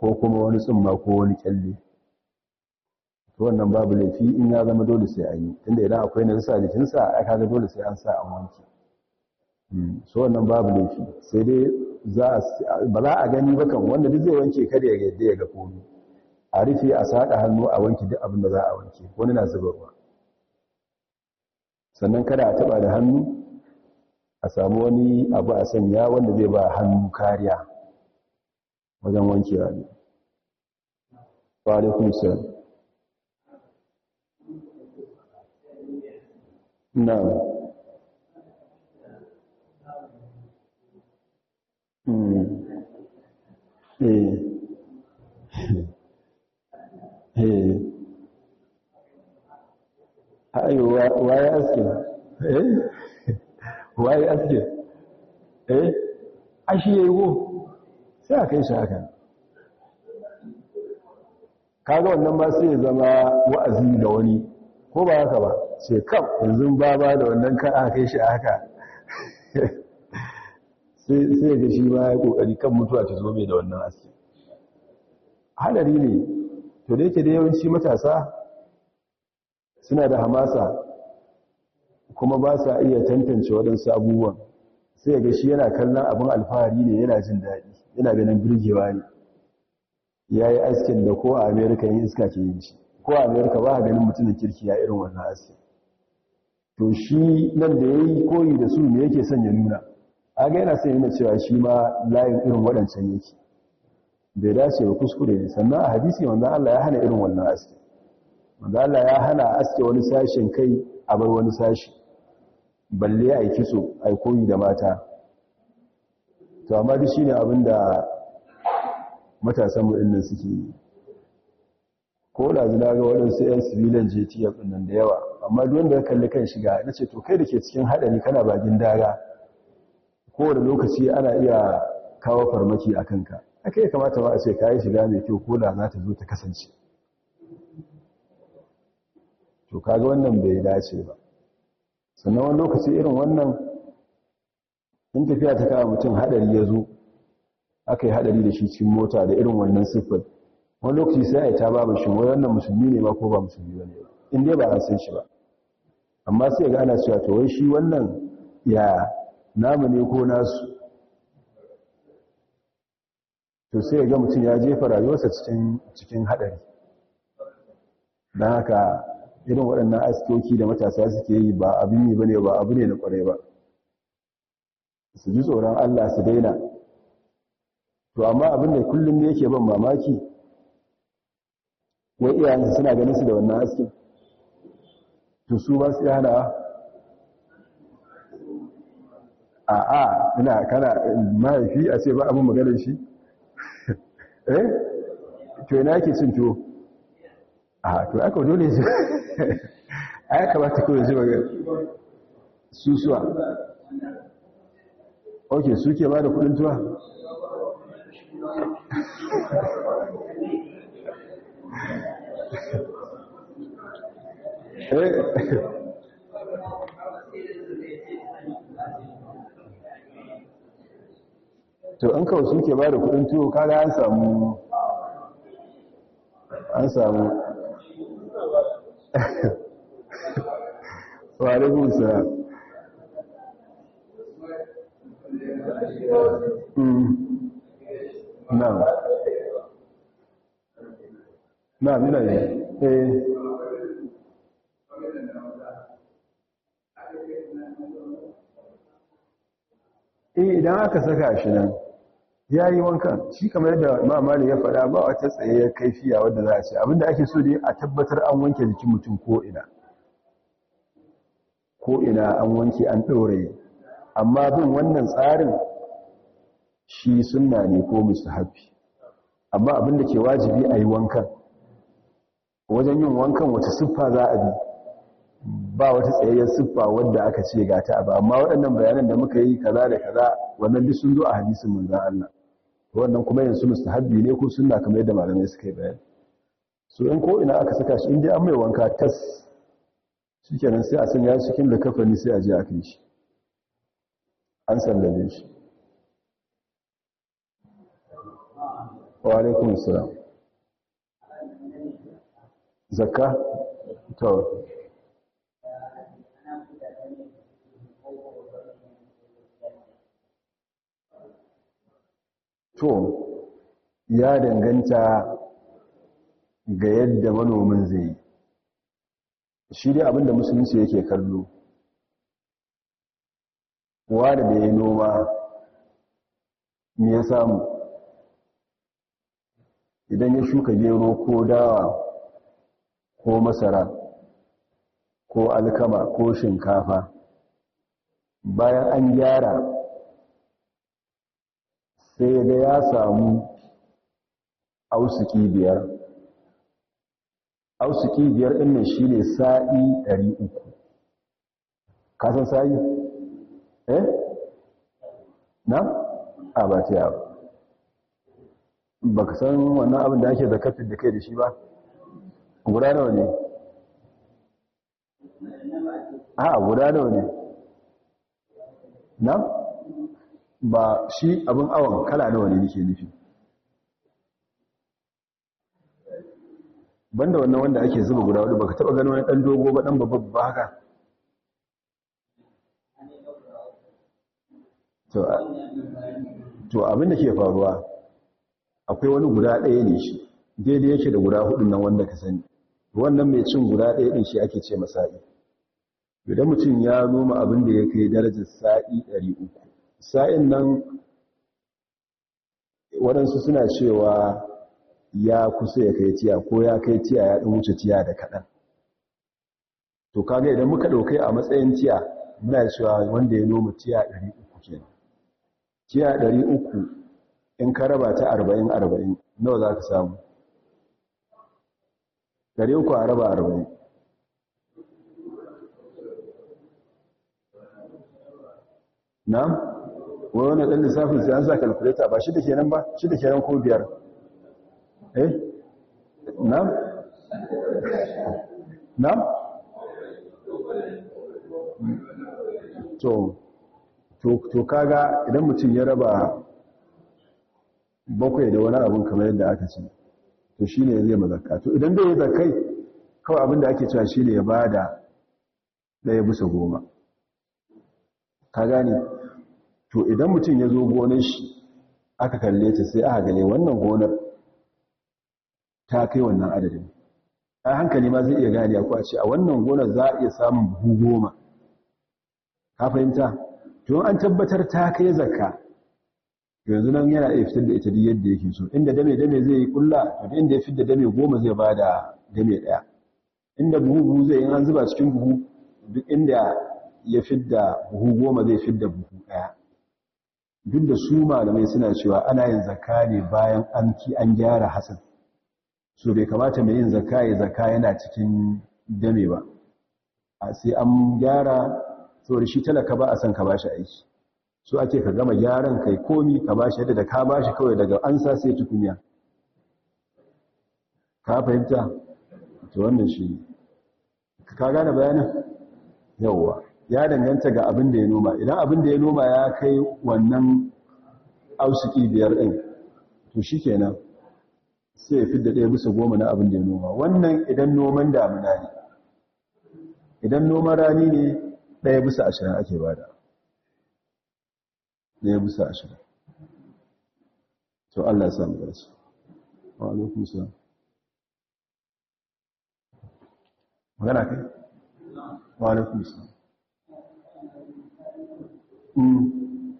ko kuma wani tsumma ko wani kyalle to wannan babu laifi in ya zama dole sai an yi tunda idan akwai na sa jikin sa aka kaga dole sai an sa an wanke hmm, so wannan babu laifi sai dai za ba za a gani ba kan wanda duk zai wanke kada ya yadda ya ga komai a rufe a saƙa hannu a wanki duk abin da za a wanki wani na zubarwa sannan kada a taɓa da hannu a samu wani abu a sanya wanda zai ba hannu kariya wajen wankewa ne wa'alaikun salam na Mm. hmm eh. eh ayo waye aske eh waye aske eh ashi yayi go sai a kai shi haka kaga wannan ba sai ya zama wa'azi da wani ko ba haka ba sai kam yanzu ba ba da wannan kan a kai shi haka sai ga shi ma ya kokari kan mutuwa ta zobe da wannan aski halari ne to da yake da yawanci matasa suna da hamasa kuma ba sa iya tantance waɗansu abubuwan sai ga shi yana kallon abin alfahari ne yana jin daɗi yana ganin birgewa ne ya yi askin da ko a amerika yin iska ke yin shi ko a amerika ba a ganin mutumin kirki ya irin wannan askin to shi nan da ya yi koyi da su ne yake son ya nuna A ga yana son yana cewa shi ma layin irin waɗancan yake bai dace ba kuskure ne sannan a hadisi wanda Allah ya hana irin wannan aske wanda Allah ya hana aske wani sashen kai a bar wani sashi balle a yi kitso a koyi da mata to amma duk shi ne abinda matasan mu'innan suke yi ko da zina ga waɗansu 'yan sibilan jtf nan da yawa amma duk wanda ya kalli kan shiga na ce to kai da ke cikin haɗari kana bagin daga kowane lokaci ana iya kawo farmaki a kanka aka yi kamata ba a ce yi shiga mai kyau ko da za ta zo ta kasance to kaga wannan bai dace ba sannan wani lokaci irin wannan in tafiya ta kawo mutum hadari ya zo aka yi hadari da shi cikin mota da irin wannan siffar wani lokaci sai a yi ta babu shi wani wannan musulmi ne ba ko ba musulmi ba ne in dai ba a san shi ba amma sai ga ana cewa to wai shi wannan ya namu ne ko nasu to sai ga mutum ya jefa rayuwarsa cikin cikin hadari dan haka irin waɗannan askoki da matasa suke yi ba abin ne bane ba abu ne na kware ba su ji tsoron Allah su daina to amma abin da kullum ne yake ban mamaki wai iyayensu suna ganin su da wannan askin to su ba su hana a'a ina kana mahaifi a ce ba abin maganar shi eh to yana yake cin tuwo a to aka dole shi a ya kamata kawai zuba ga susuwa ok su ke ba da kudin tuwa eh to an kawai shi ke ba da kudin tuwo kaga an samu an samu busa mm. ne eh. eh idan aka saka shi nan ya yi wankan shi kamar yadda mamali ya faɗa ba wata tsayayyar kaifiya wadda za a ce abinda ake so ne a tabbatar an wanke jikin mutum ko'ina ko'ina an wanke an ɗauraye amma bin wannan tsarin shi suna ne ko musu hafi amma abinda ke wajibi a yi wanka wajen yin wankan wata siffa za a bi ba wata tsayayyar siffa wadda aka ce ga ta ba amma waɗannan bayanan da muka yi kaza da kaza wannan duk sun zo a hadisin manzon Allah wannan kuma yanzu Habbi ne ko sunna kamar yadda malamai suka yi so in ko ina aka saka shi in dai an mai wanka tas shikenan sai a sanya shi cikin kafani sai a je a kai shi an sallame shi wa alaikum zakka to to ya danganta ga yadda manomin zai yi shi dai abinda musulunci yake kallo wa da ya noma me ya samu idan ya shuka gero ko dawa ko masara ko alkama ko shinkafa bayan an gyara sai ya ga ya samu ausiki biyar ausiki biyar ɗin ne shi ne sa'i ɗari uku san sa'i? eh? na? a ba ce abu ba ka san wannan abin da ake zakatun da kai da shi ba guda nawa ne a guda nawa ne na? ba shi abin awon kala nawa ne nake nufi banda wannan wanda ake zuba guda wadda baka taba gano wani dan dogo ba dan babba ba haka to abin da ke faruwa akwai wani guda ɗaya ne shi daidai yake da guda hudun nan wanda ka sani wannan mai cin guda ɗaya ɗin shi ake ce masa'i idan mutum ya noma abin da ya kai darajar sa'i 300 sa'in nan waɗansu suna cewa ya kusa ya kai tiya ko ya kai tiya ya ɗin wuce tiya da kaɗan to kaga idan muka ɗaukai a matsayin tiya muna cewa wanda ya noma tiya 300 kenan tiya 300 in ka ta 40-40 nawa za ka samu Ɗari uku a raba 40 na? Wani wani ɗan lissafin sai an sa kalkuleta ba shi da kenan ba shi da kenan ko biyar eh na na to kaga idan mutum ya raba bakwai da wani abun kamar yadda aka ce to shi ne zai mazaka to idan da ya zakai kawai abin da ake cewa shi ne ya ba da ɗaya bisa goma ka gani to idan mutum ya zo gonar shi aka kalle ta sai aka gane wannan gonar ta kai wannan adadin a hankali ma zai iya gane ko a ce a wannan gonar za a iya samun buhu goma ka fahimta to an tabbatar ta kai zakka yanzu nan yana iya fitar da ita da yadda yake so inda dame dame zai yi kulla to inda ya fitar da dame goma zai ba da dame daya inda buhu buhu zai yi an zuba cikin buhu duk inda ya da buhu goma zai da buhu daya duk da su malamai suna cewa ana yin zakka ne bayan an ki an gyara hasan so bai kamata mai yin zakka ya zakka yana cikin dame ba a sai an gyara saboda shi talaka ba a san ka bashi aiki so ake ka gama gyaran kai komi ka bashi yadda da ka bashi kawai daga an sa sai tukunya ka fahimta to wannan shi ka gane bayanin yawwa ya danganta ga abin da ya noma idan abin da ya noma ya kai wannan ausiki biyar ɗin to shi kenan sai ya fi da ɗaya bisa goma na abin da ya noma wannan idan noman damuna ne idan noman rani ne ɗaya bisa ashirin ake bada ɗaya bisa ashirin to allah mu dace wa alaikun salam magana kai wa alaikun salam Mm.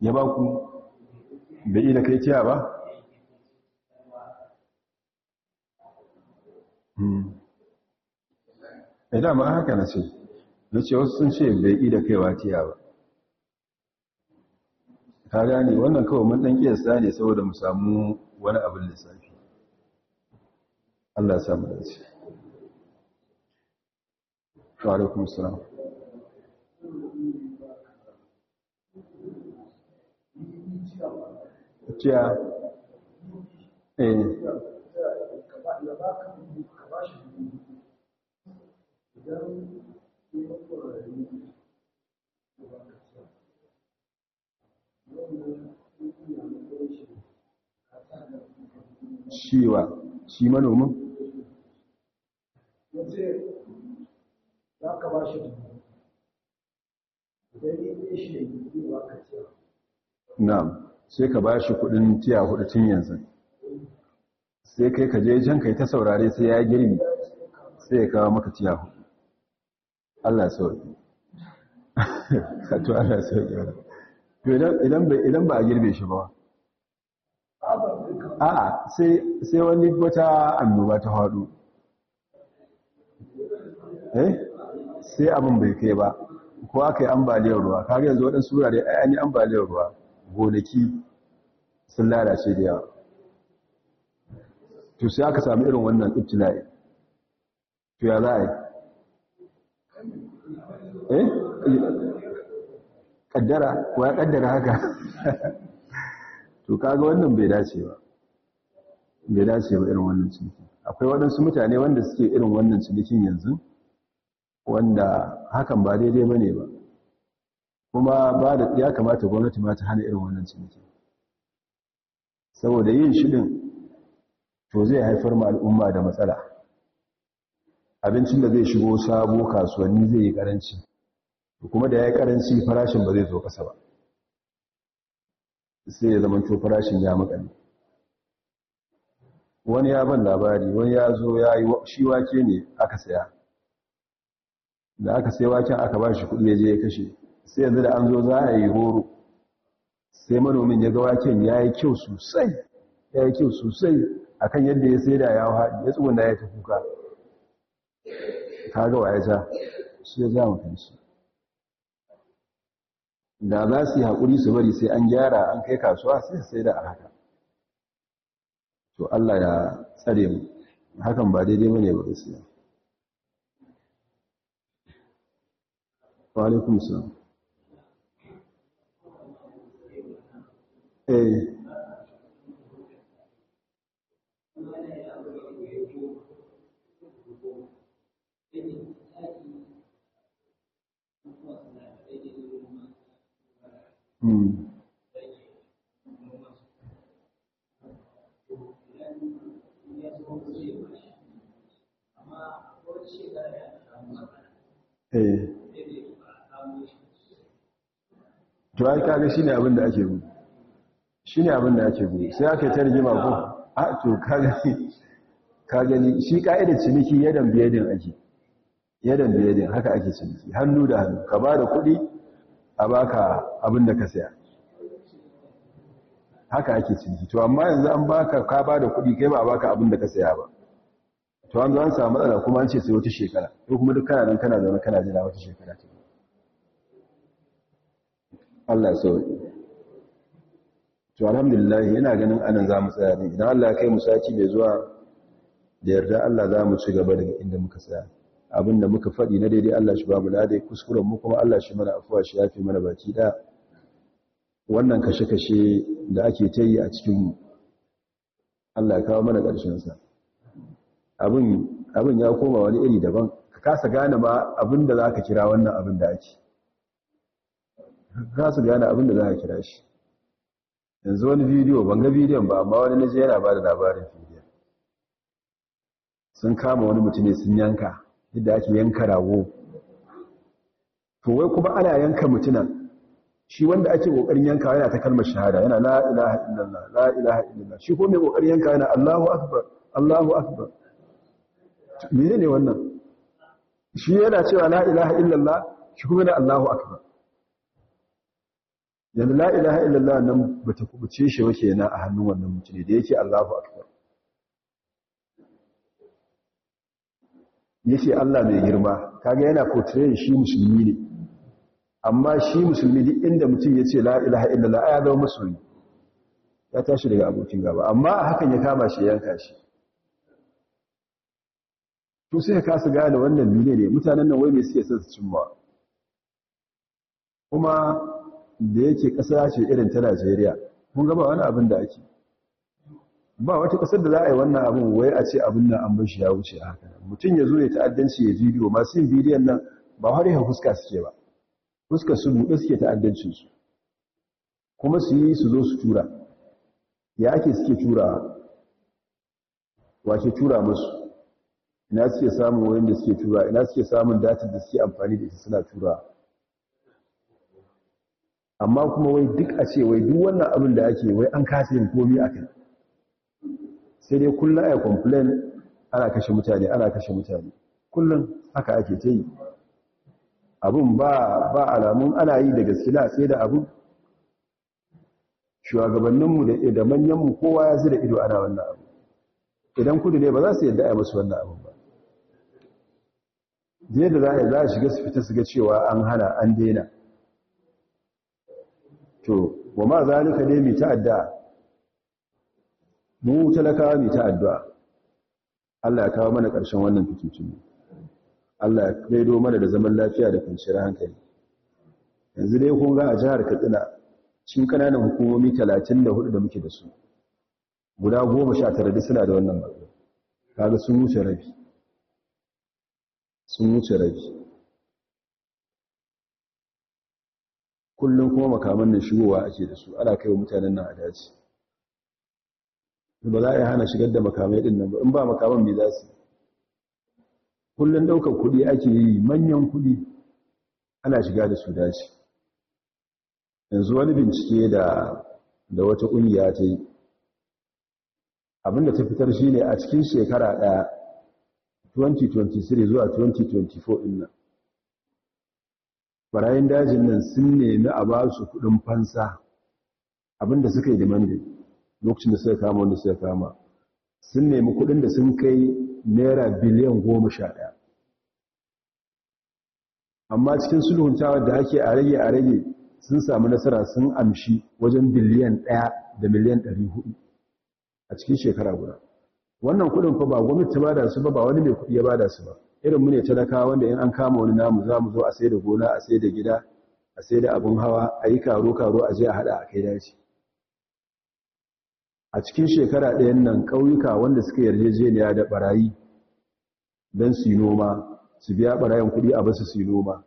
ya ba ku bai yi da kai ciya ba ya mm. eh, dama haka na ce na ce wasu sun ce bai yi da kaiwa ciya ba ta gani wannan kawo mun ɗan ƙiyar tsari saboda mu samu wani abin lissafi Allah ya samu da eh. shi salam kiya shi manomin ya ce za ka ba shi idan shi ba ka na'am sai ka ba shi kudin tiya yanzu sai kai ka je kai ta saurare sai ya sai ya kawo maka tiya hudu Allah Allah idan ba a girbe shi ba a sai sai wani wata annoba ta hadu Eh? sai abin bai kai ba ko aka yi ambaliyar ruwa kaga yanzu waɗansu wurare a yi ambaliyar ruwa gonaki sun lalace da yawa to sai aka sami irin wannan ibtila'i to ya za a yi eh kaddara ko ya kaddara haka to kaga wannan bai dace ba bai dace ba irin wannan ciniki akwai waɗansu mutane wanda suke irin wannan cikin yanzu wanda hakan ba daidai ba ne ba kuma ba da ya kamata gwamnati ma ta hana irin wannan ciniki saboda yin shirin to zai haifar ma al'umma da matsala abincin da zai shigo sabo kasuwanni zai yi karanci kuma da ya yi karanci farashin ba zai zo kasa ba sai ya zama farashin ya makale wani ya ban labari wani ya zo ya yi wake ne aka saya da aka sai waken aka ba shi kuɗi ya je ya kashe sai yanzu da an zo za a yi horo sai manomin ya ga waken ya yi kyau sosai ya yi kyau sosai akan yadda ya sai da ya haɗi ya tsugun da ya ta kuka ta ga ya ja shi ya ja da za su yi haƙuri su bari sai an gyara an kai kasuwa sai sai da a haka to Allah ya tsare mu hakan ba daidai bane ba gaskiya Aleikum salam. É. Hum. É. to ai kaga shine abin da ake gudu shine abin da ake gudu sai aka ta rigima ko a to kaga ka gani shi ka'ida ciniki yadan biyadin ake yadan biyadin haka ake ciniki hannu da hannu ka ba da kuɗi a baka abin da ka saya haka ake ciniki to amma yanzu an baka ka ba da kuɗi kai ba a baka abin da ka saya ba to an zo an samu matsala kuma an ce sai wata shekara ko kuma duk kana nan kana zaune kana jira wata shekara ce Allah so to alhamdulillah yana ganin anan za mu tsaya ne idan Allah ya kai mu saki bai zuwa da yarda Allah za mu ci gaba daga inda muka tsaya abinda muka faɗi na daidai Allah shi ba mu ladai kuskuren mu kuma Allah shi mana afuwa shi yafi mana baki da wannan kashe-kashe da ake ta yi a cikin Allah kawo mana ƙarshen sa. abin ya koma wani iri daban ka kasa gane ba abinda zaka kira wannan abin da ake ka su gane abin da za a kira shi yanzu wani bidiyo ban ga bidiyon ba amma wani na yana ba da labarin bidiyon sun kama wani mutum ne sun yanka yadda ake yanka rago to wai kuma ana yanka mutunan shi wanda ake kokarin yanka yana ta kalmar shahada yana la ilaha illallah la ilaha illallah shi ko mai kokarin yanka yana Allahu akbar Allahu akbar menene wannan shi yana cewa la ilaha illallah shi kuma yana Allahu akbar yanzu la ilaha illallah nan ba ta kubuce shi ba kenan a hannun wannan mutune da yake Allahu akbar yake Allah mai girma kaga yana portraying shi musulmi ne amma shi musulmi duk inda mutum ya ce la ilaha illallah ya zama musulmi ya tashi daga abokin gaba amma a hakan ya kama shi yanka shi to sai ka su gane wannan mine ne mutanen nan wai me suke son su cimma kuma da yake ƙasa ce irin ta Najeriya kun ga ba wani abin da ake ba wata ƙasar da za a yi wannan abin wai a ce abin nan an bar shi ya wuce haka mutum ya zo ya ta'addanci ya bidiyo masu yin bidiyon nan ba har yawan fuska suke ba fuska su buɗe suke ta'addancin su kuma su yi su zo su tura ya ake suke turawa wace tura musu ina suke samun wayan da suke tura ina suke samun datin da suke amfani da ita suna turawa amma kuma wai duk a ce wai duk wannan abin da ake wai an kasa yin komi a kai sai dai kullum a complain ana kashe mutane ana kashe mutane kullum haka ake ta yi abin ba ba alamun ana yi da gaske da sai da abin shugabanninmu da manyanmu kowa ya zira ido ana wannan abu idan kudu ne ba za su yadda a yi musu wannan abu ba da za a shiga su fita su ga cewa an hana an daina to wa ma zalika dai mai ta'adda mu talakawa mai ta'adda Allah ya kawo mana ƙarshen wannan fitintunu Allah ya kaido mana da zaman lafiya da kwanciyar hankali yanzu dai kun ga a jihar Katsina cikin kananan hukumomi 34 da muke da su guda 19 da suna da wannan matsala kaga sun wuce rabi sun wuce rabi kullum kuma makaman nan shigowa ake da su ana kai wa mutanen nan a daji ba za a hana shigar da makamai din nan ba in ba makaman me za su kullum ɗaukar kuɗi ake yi manyan kuɗi ana shiga da su daji yanzu wani bincike da da wata ƙungiya ta yi abinda ta fitar shi ne a cikin shekara ɗaya 2023 zuwa 2024 ɗin nan barayin dajin nan sun nemi a ba su kudin fansa abinda suka yi demandin lokacin da suka kama wanda suka kama sun nemi kudin da sun kai naira biliyan goma sha ɗaya amma cikin sulhuntawar da ake a rage a rage sun samu nasara sun amshi wajen biliyan ɗaya da miliyan ɗari hudu a cikin shekara guda wannan kudin fa ba gwamnati ba da su ba ba wani mai kudi ya ba da su ba irin mu ne talakawa wanda in an kama wani namu za mu zo a sai da gona a sai da gida a sai da abin hawa a yi karo-karo a je a haɗa a kai daji a cikin shekara ɗayan nan ƙauyuka wanda suka yarjejeniya da ɓarayi don su noma su biya barayin kuɗi a basu su yi noma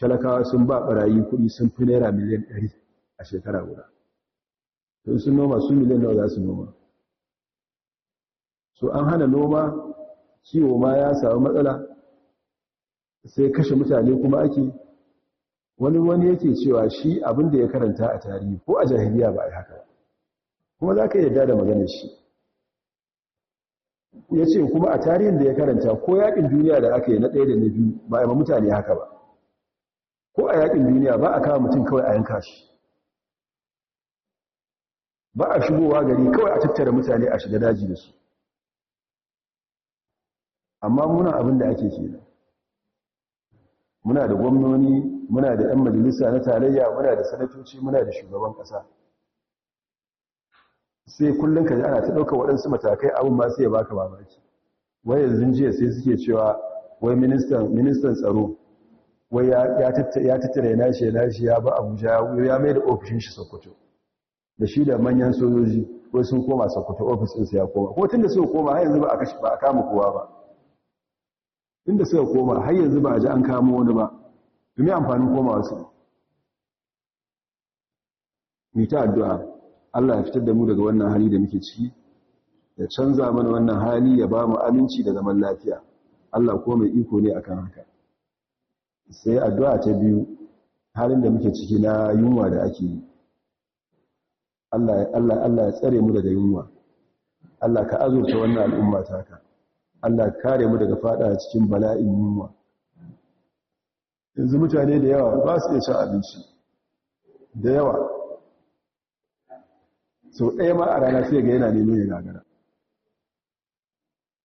talakawa sun ba barayi kuɗi sun fi naira miliyan ɗari a shekara guda sun noma su miliyan nawa za su noma so an hana noma ciwo ma ya samu matsala sai kashe mutane kuma ake wani wani yake cewa shi abin ya karanta a tarihi ko a jahiliya ba a haka kuma za ka yarda da maganar shi ya ce kuma a tarihin da ya karanta ko yakin duniya da aka yi na ɗaya da na biyu ba a mutane haka ba ko a yaƙin duniya ba a kama mutum kawai a yanka shi ba a shigowa gari kawai a tattara mutane a shiga daji da su amma muna abin da ake kenan muna da gwamnoni muna da 'yan majalisa na tarayya muna da sanatoci muna da shugaban ƙasa sai kullum ka ji ana ta ɗauka waɗansu matakai abin ba sai ya baka mamaki wai yanzu jiya sai suke cewa wai ministan tsaro wai ya tattara na shi ya shi ya ba abuja ya mai da ofishin shi sokoto da shi da manyan sojoji wai sun koma sokoto ofisinsu ya koma ko tun da suka koma har yanzu ba ba a kama kowa ba inda suka koma har yanzu ba a ji an kamo wani ba tumi amfanin koma wasu mai ta addu'a Allah ya fitar da mu daga wannan hali da muke ciki ya canza mana wannan hali ya ba mu aminci da zaman lafiya Allah ko mai iko ne akan haka sai addu'a ta biyu halin da muke ciki na yunwa da ake yi Allah ya tsare mu daga yunwa Allah ka azurta wannan al'umma ta ka Allah kare mu daga fada cikin bala'in yunwa yanzu mutane da yawa ba su iya cin abinci da yawa sau ɗaya ma a rana sai ga yana neman ya gagara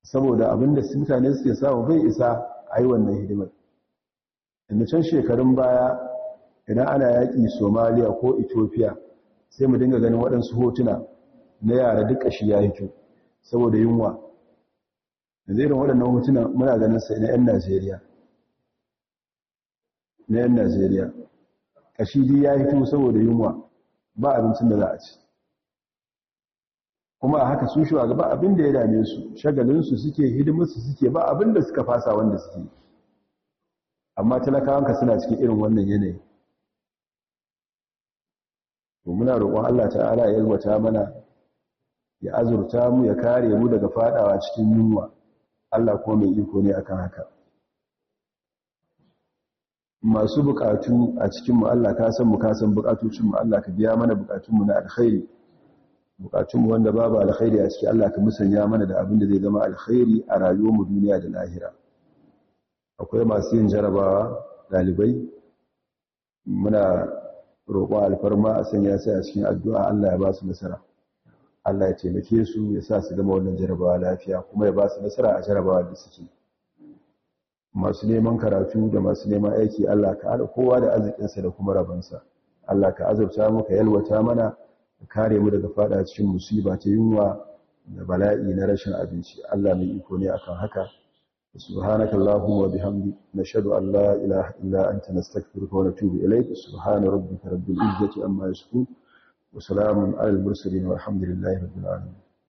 saboda abinda mutane suke samu bai isa a yi wannan hidimar inda can shekarun baya idan ana yaƙi somaliya ko ethiopia sai mu dinga ganin waɗansu hotuna na yara duk shi ya yi kyau saboda yunwa yanzu irin waɗannan hotuna muna ganin sai na 'yan najeriya na 'yan najeriya kashidi ya hito saboda yunwa ba abincin da za a ci kuma a haka su ga ba abin da ya dame su shagalinsu suke hidimarsu suke ba abin da suka fasa wanda suke amma talakawanka suna cikin irin wannan yanayi muna roƙon Allah ta'ala ya yalwata mana ya azurta mu ya kare mu daga fadawa cikin yunwa Allah ko mai iko ne akan haka masu bukatu a cikin mu Allah ka san mu ka san mu Allah ka biya mana bukatun mu na alkhairi bukatun mu wanda babu alkhairi a cikin Allah ka musanya mana da abin da zai zama alkhairi a rayuwar mu duniya da lahira akwai masu yin jarabawa dalibai muna roƙo alfarma a sanya sai a cikin addu'a Allah ya ba su nasara Allah ya taimake su ya sa su zama wannan jarabawa lafiya kuma ya ba su nasara a jarabawa da suke masu neman karatu da masu neman aiki Allah ka haɗa kowa da arzikinsa da kuma rabansa Allah ka azabta muka yalwata mana ka kare mu daga fada cikin musiba ta yunwa da bala'i na rashin abinci Allah mai iko ne akan haka subhanakallahu allahumma wa bihamdi nashhadu an la ilaha illa anta nastaghfiruka wa natubu ilayk subhana rabbika rabbil izzati amma yasifun وسلام على المرسلين والحمد لله رب العالمين